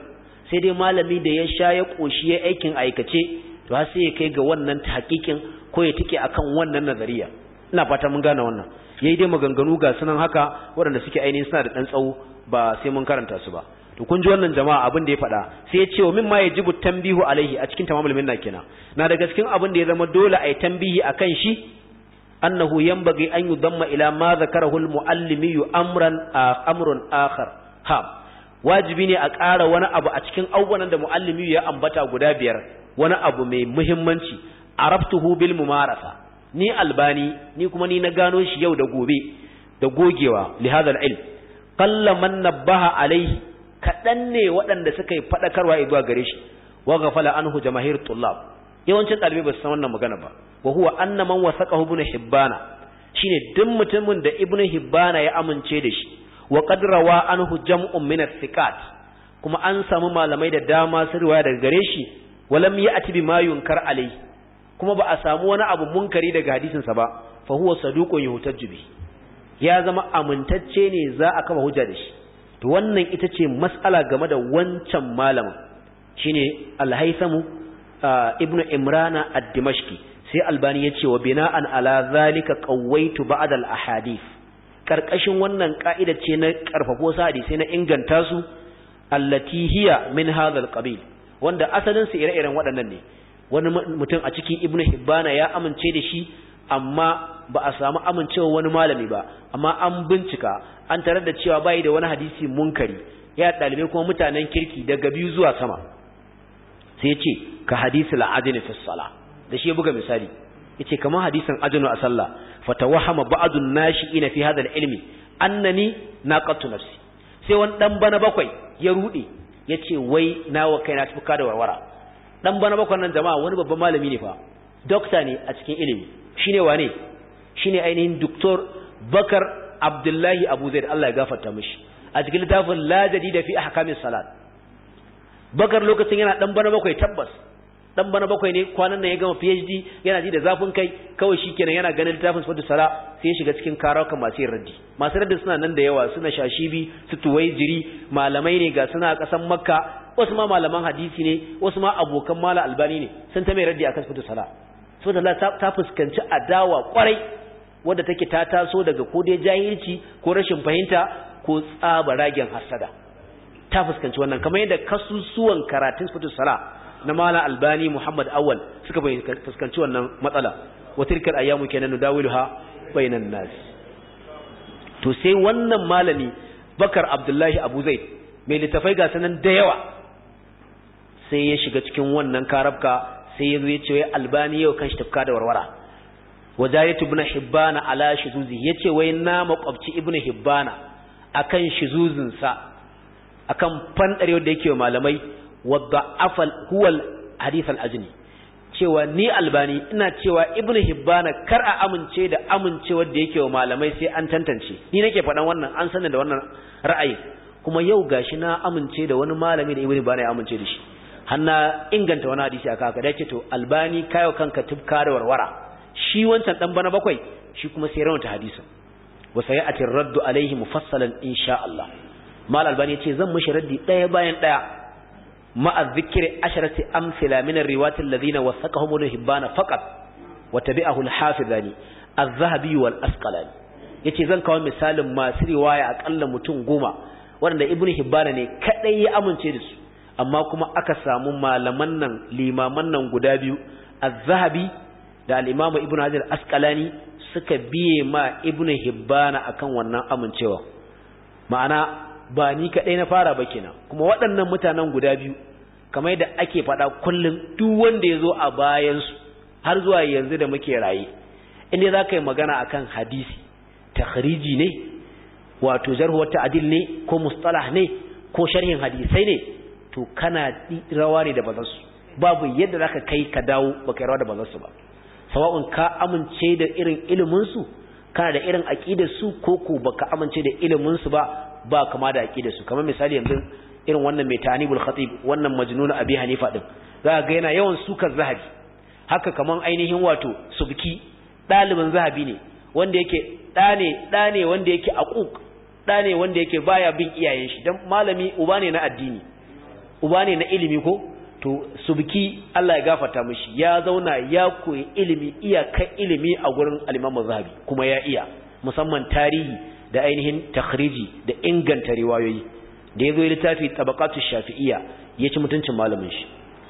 sai dai malami da ya sha ya ƙoshi ya aikin aikace to har sai ya kai ga wannan ta haƙiƙin ko ya tike akan wannan nazariya ina fata mun gane wannan yayi dai maganganu ga sunan haka waɗanda suke ainihin suna da ɗan tsawo ba sai mun karanta su ba to kun ji wannan jama'a abin da ya faɗa sai ya ce wa ji yajibu tambihu alaihi a cikin tamamul minna kenan na daga cikin abin da ya zama dole ai a kan shi annahu yanbaghi an yudamma ila ma zakarahu al muallimi amran amrun akhar ha wajibi ne a ƙara wani abu a cikin abubuwan da muallimi ya ambata guda biyar wani abu mai muhimmanci araftuhu bil mumarasa ni albani ni kuma ni na gano shi yau da gobe da gogewa li hadha al ilm qalla man nabbaha alaihi kaɗan ne waɗanda suka yi faɗakarwa zuwa gare shi wa gafala anhu jamahir tullab yawancin ɗalibai ba su san wannan magana ba wa huwa anna man wasaqahu ibn hibbana shine duk mutumin da ibn hibbana ya amince da shi wa qad rawa anhu jam'un min thiqat kuma an samu malamai da dama su riwaya daga gare shi lam ya'ti bima yunkar alai kuma ba a samu wani abu munkari daga hadisin sa ba fa huwa saduqun yuhtajju ya zama amintacce ne za a kafa hujja da shi to wannan ita ce mas'ala game da wancan malamin shine alhaisamu haythamu ibn imrana ad-dimashqi sai albani yace wa bina'an ala zalika qawwaitu ba'd al-ahadith karkashin wannan ka'ida ce na karfafo sa hadisi na inganta su allati hiya min hadha al-qabil wanda asalin su ire-iren waɗannan ne wani mutum a cikin ibnu hibbana ya amince da shi amma ba a samu amincewa wani malami ba amma an bincika an tarar da cewa bai da wani hadisi munkari ya dalibai kuma mutanen kirki daga biyu zuwa sama sai ya ce ka hadisi la'adini fi sala da shi ya buga misali ya ce kamar hadisin ajinu a sallah fatawahama ba'adun nashi ina fi hadal ilmi annani naqatu nafsi sai wani dan bana bakwai ya rude ya ce wai nawa kaina tuka da warwara dan bana bakwai nan jama'a wani babban malami ne fa dokta ne a cikin ilimi shine wane ne ainihin doktor bakar abdullahi abu zaid Allah ya gafarta mishi a cikin littafin lajadi da fi ahkamis salat bakar lokacin yana dan bana bakwai tabbas dan bana bakwai ne kwanan nan ya gama PhD yana ji da zafin kai kawai shikenan yana ganin littafin sifatu sala sai ya shiga cikin karawaka masu yin raddi masu raddi suna nan da yawa suna shashibi su Tuwai jiri, malamai ne ga suna kasan makka wasu ma malaman hadisi ne wasu ma abokan mala albani ne sun ta mai raddi akan sifatu sala sifatu sala ta fuskanci adawa kwarai wadda take ta taso daga ko dai jahilci ko rashin fahimta ko ragen hasada ta fuskanci wannan kamar yadda kasusuwan karatun fitus sala na mala albani muhammad awal suka fuskanci wannan matsala wa tilkal ayyamu kenan dawiluha bainan nas to sai wannan malami bakar abdullahi abu zaid mai littafai ga sanan da yawa sai ya shiga cikin wannan karabka sai ya zo ya ce albani yau kan shi tafka da warwara wajayatu ibn hibbana ala shuzuzi yace wai na makwabci ibn hibbana akan shuzuzin sa akan fandare da yake wa malamai wadda afal huwal hadith al ajni cewa ni albani ina cewa ibn hibbana kar a amince da amincewar da yake wa malamai sai an tantance ni nake faɗan wannan an sanar da wannan ra'ayi kuma yau gashi na amince da wani malami da ibn hibbana ya amince da shi hanna inganta wani hadisi aka haka dace to albani kayo kanka tubka da warwara shi wancan dan bana bakwai shi kuma sai ta hadisin wa sayatir raddu alaihi mufassalan insha Allah mal albani yace zan mishi raddi daya bayan daya ma'a dhikri asharati amsila min ar-riwayat alladhina wasaqahum al-hibbana faqat wa tabi'ahu al-hafizani az-zahabi wal-asqalani yace zan kawo misalin masu riwaya akalla mutum goma waɗanda ibn hibbana ne kadai ya amince da su amma kuma aka samu malaman nan limaman nan guda biyu az-zahabi da al-imamu ibn hajar asqalani suka biye ma ibn hibbana akan wannan amincewa ma'ana ba ni kadai na fara ba kenan kuma waɗannan mutanen guda biyu kamar da ake faɗa kullum duk wanda ya zo a bayansu har zuwa yanzu da muke raye inda za ka yi magana a kan hadisi takhriji ne wato jarhuwar ta'adil ne ko mustalah ne ko sharhin hadisai ne to kana rawa ne da bazansu babu yadda za ka kai ka dawo ba kai rawa da bazansu ba sawa'un ka amince da irin ilimin su kana da irin aqidar su ko ko baka amince da ilimin su ba ba kama da aqidar su kamar misali yanzu irin wannan mai tanibul khatib wannan majnun abi hanifa din za ga yana yawan sukar zahabi haka kaman ainihin wato subki dalibin zahabi ne wanda yake dane dane wanda yake aquq dane wanda yake baya bin iyayen shi dan malami uba ne na addini uba ne na ilimi ko to subki Allah ya gafarta mishi ya zauna ya koyi ilimi iyakar ilimi a gurin al-Imam Zahabi kuma ya iya musamman tarihi da ainihin takhriji da inganta riwayoyi da yazo littafi tabaqatu shafi'iyya ya ci mutuncin malamin shi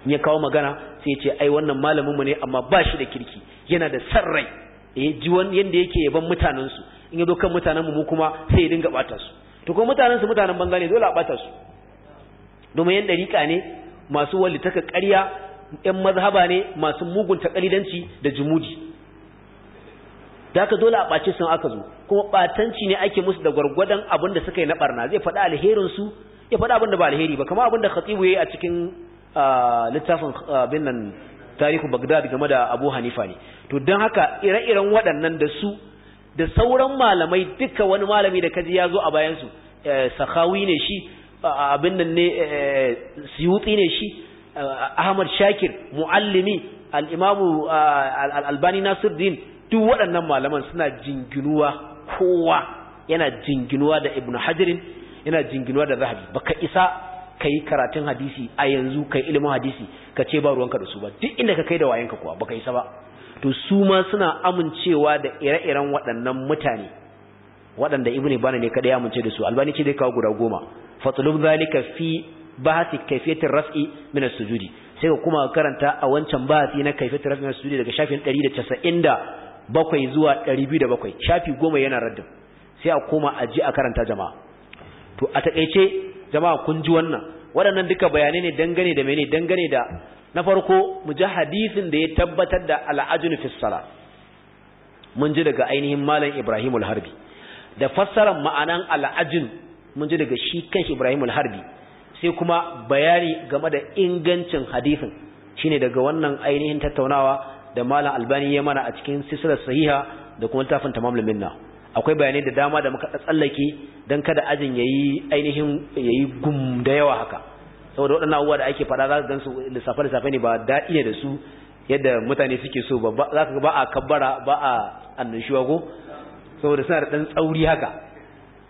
ya kawo magana sai ya ce ai wannan malamin mu ne amma ba shi da kirki yana da sarrai eh ji yanda yake yaban mutanen su in ya zo kan mutanen mu kuma sai ya dinga bata su to kuma mutanen su mutanen bangare ne dole a bata su domin yan dariƙa ne masu walitaka ƙarya ‘yan mazhaba ne masu mugun taƙalidanci da jumudi da ka dole a ɓace sun aka zo kuma ɓatanci ne ake musu da gwargwadon abin da suka yi na ɓarna zai faɗi alherinsu ya faɗi abin da ba alheri ba kama abin da khatibu ya yi a cikin littafin abin nan tarihu bagdad game da abu hanifa ne to don haka ire-iren waɗannan da su da sauran malamai duka wani malami da kaji ya zo a bayansu eh, sakawi ne shi abin nan ne eh, siyuti ne shi eh, ahmad shakir muallimi al'imamu eh, Nasir din duk waɗannan malaman suna jinginuwa kowa yana jinginuwa da ibn hajirin yana jinginuwa da zahabi baka isa ka karatun hadisi a yanzu kai yi ilimin hadisi ka ce ba ruwanka da su ba duk inda ka kai da wayanka kuwa baka isa ba to su ma suna amincewa da ire-iren waɗannan mutane waɗanda ibn ibana ne kada ya amince da su albani ce dai kawo guda goma fatlub zalika fi bahasi kayfiyatir raf'i min as-sujudi sai ka kuma karanta a wancan bahasi na kayfiyatir raf'i min as-sujudi daga shafin 197 zuwa 207 shafi 10 yana raddin sai a koma a ji a karanta jama'a to a takeice jama'a kun ji wannan waɗannan duka bayanai ne dangane da mene dangane da na farko mu ji hadisin da ya tabbatar da al'ajun fi mun ji daga ainihin malam Ibrahim al-Harbi da fassarar ma'anan al'ajun mun ji daga shi kan Ibrahim al-Harbi sai kuma bayani game da ingancin hadisin shine daga wannan ainihin tattaunawa da Malam Albani ya mana a cikin silsilar sahiha da kuma tafin tamamul minna akwai bayanai da dama da muka tsallake dan kada ajin yayi ainihin yayi gum da yawa haka saboda waɗannan abubuwa da ake fara za ka gansu lissafe-lissafe ne ba daɗi ne da su yadda mutane suke so ba za ka ba a kabbara ba a annashuwa ko saboda suna da ɗan tsauri haka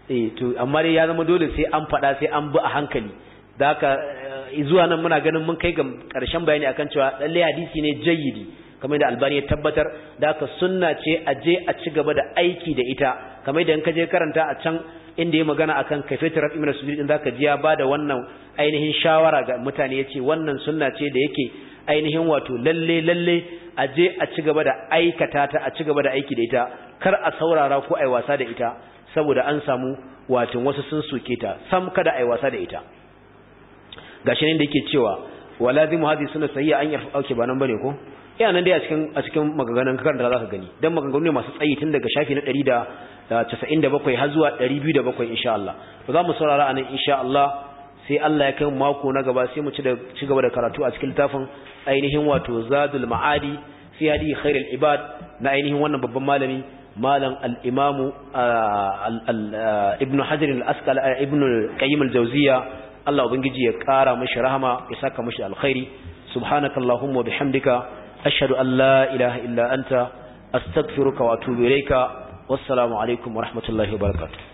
eh to amma dai ya zama dole sai an faɗa sai an bi a hankali da eh, zuwa nan muna ganin mun kai ga karshen bayani akan cewa lalle hadisi ne jayyidi kamar da albani ya tabbatar da haka sunna ce a je a ci gaba da aiki da ita kamar da in ka je karanta a can inda ya magana akan kafetu rafi min sujud din zaka ji ya bada wannan ainihin shawara ga mutane yace wannan sunna ce da yake ainihin wato lalle lalle a je a ci gaba da aikata ta a ci gaba da aiki da ita kar a saurara ko ai wasa da ita saboda an samu watin wasu sun soke ta sam kada ai wasa da ita gashi ne da yake cewa walazimu hadhihi sunna sayi an yarfa auke ba nan bane ko ina nan dai a cikin a cikin maganganun kakar da zaka gani dan maganganu ne masu tsayi tun daga shafi na 197 har zuwa 207 insha Allah to za mu saurara anan insha Allah sai Allah ya kai mako na gaba sai mu ci da ci gaba da karatu a cikin littafin ainihin wato zadul ma'adi fi hadi khairul ibad na ainihin wannan babban malami malam al'imamu ibnu ibn hajar ibnu asqal ibn jawziya Allah ubangiji ya kara mishi rahma ya saka mishi alkhairi subhanakallahumma bihamdika ashhadu an la ilaha illa'anta anta astaghfiruka wa atubu ilayka alaikum wa rahmatullahi wa barakatuh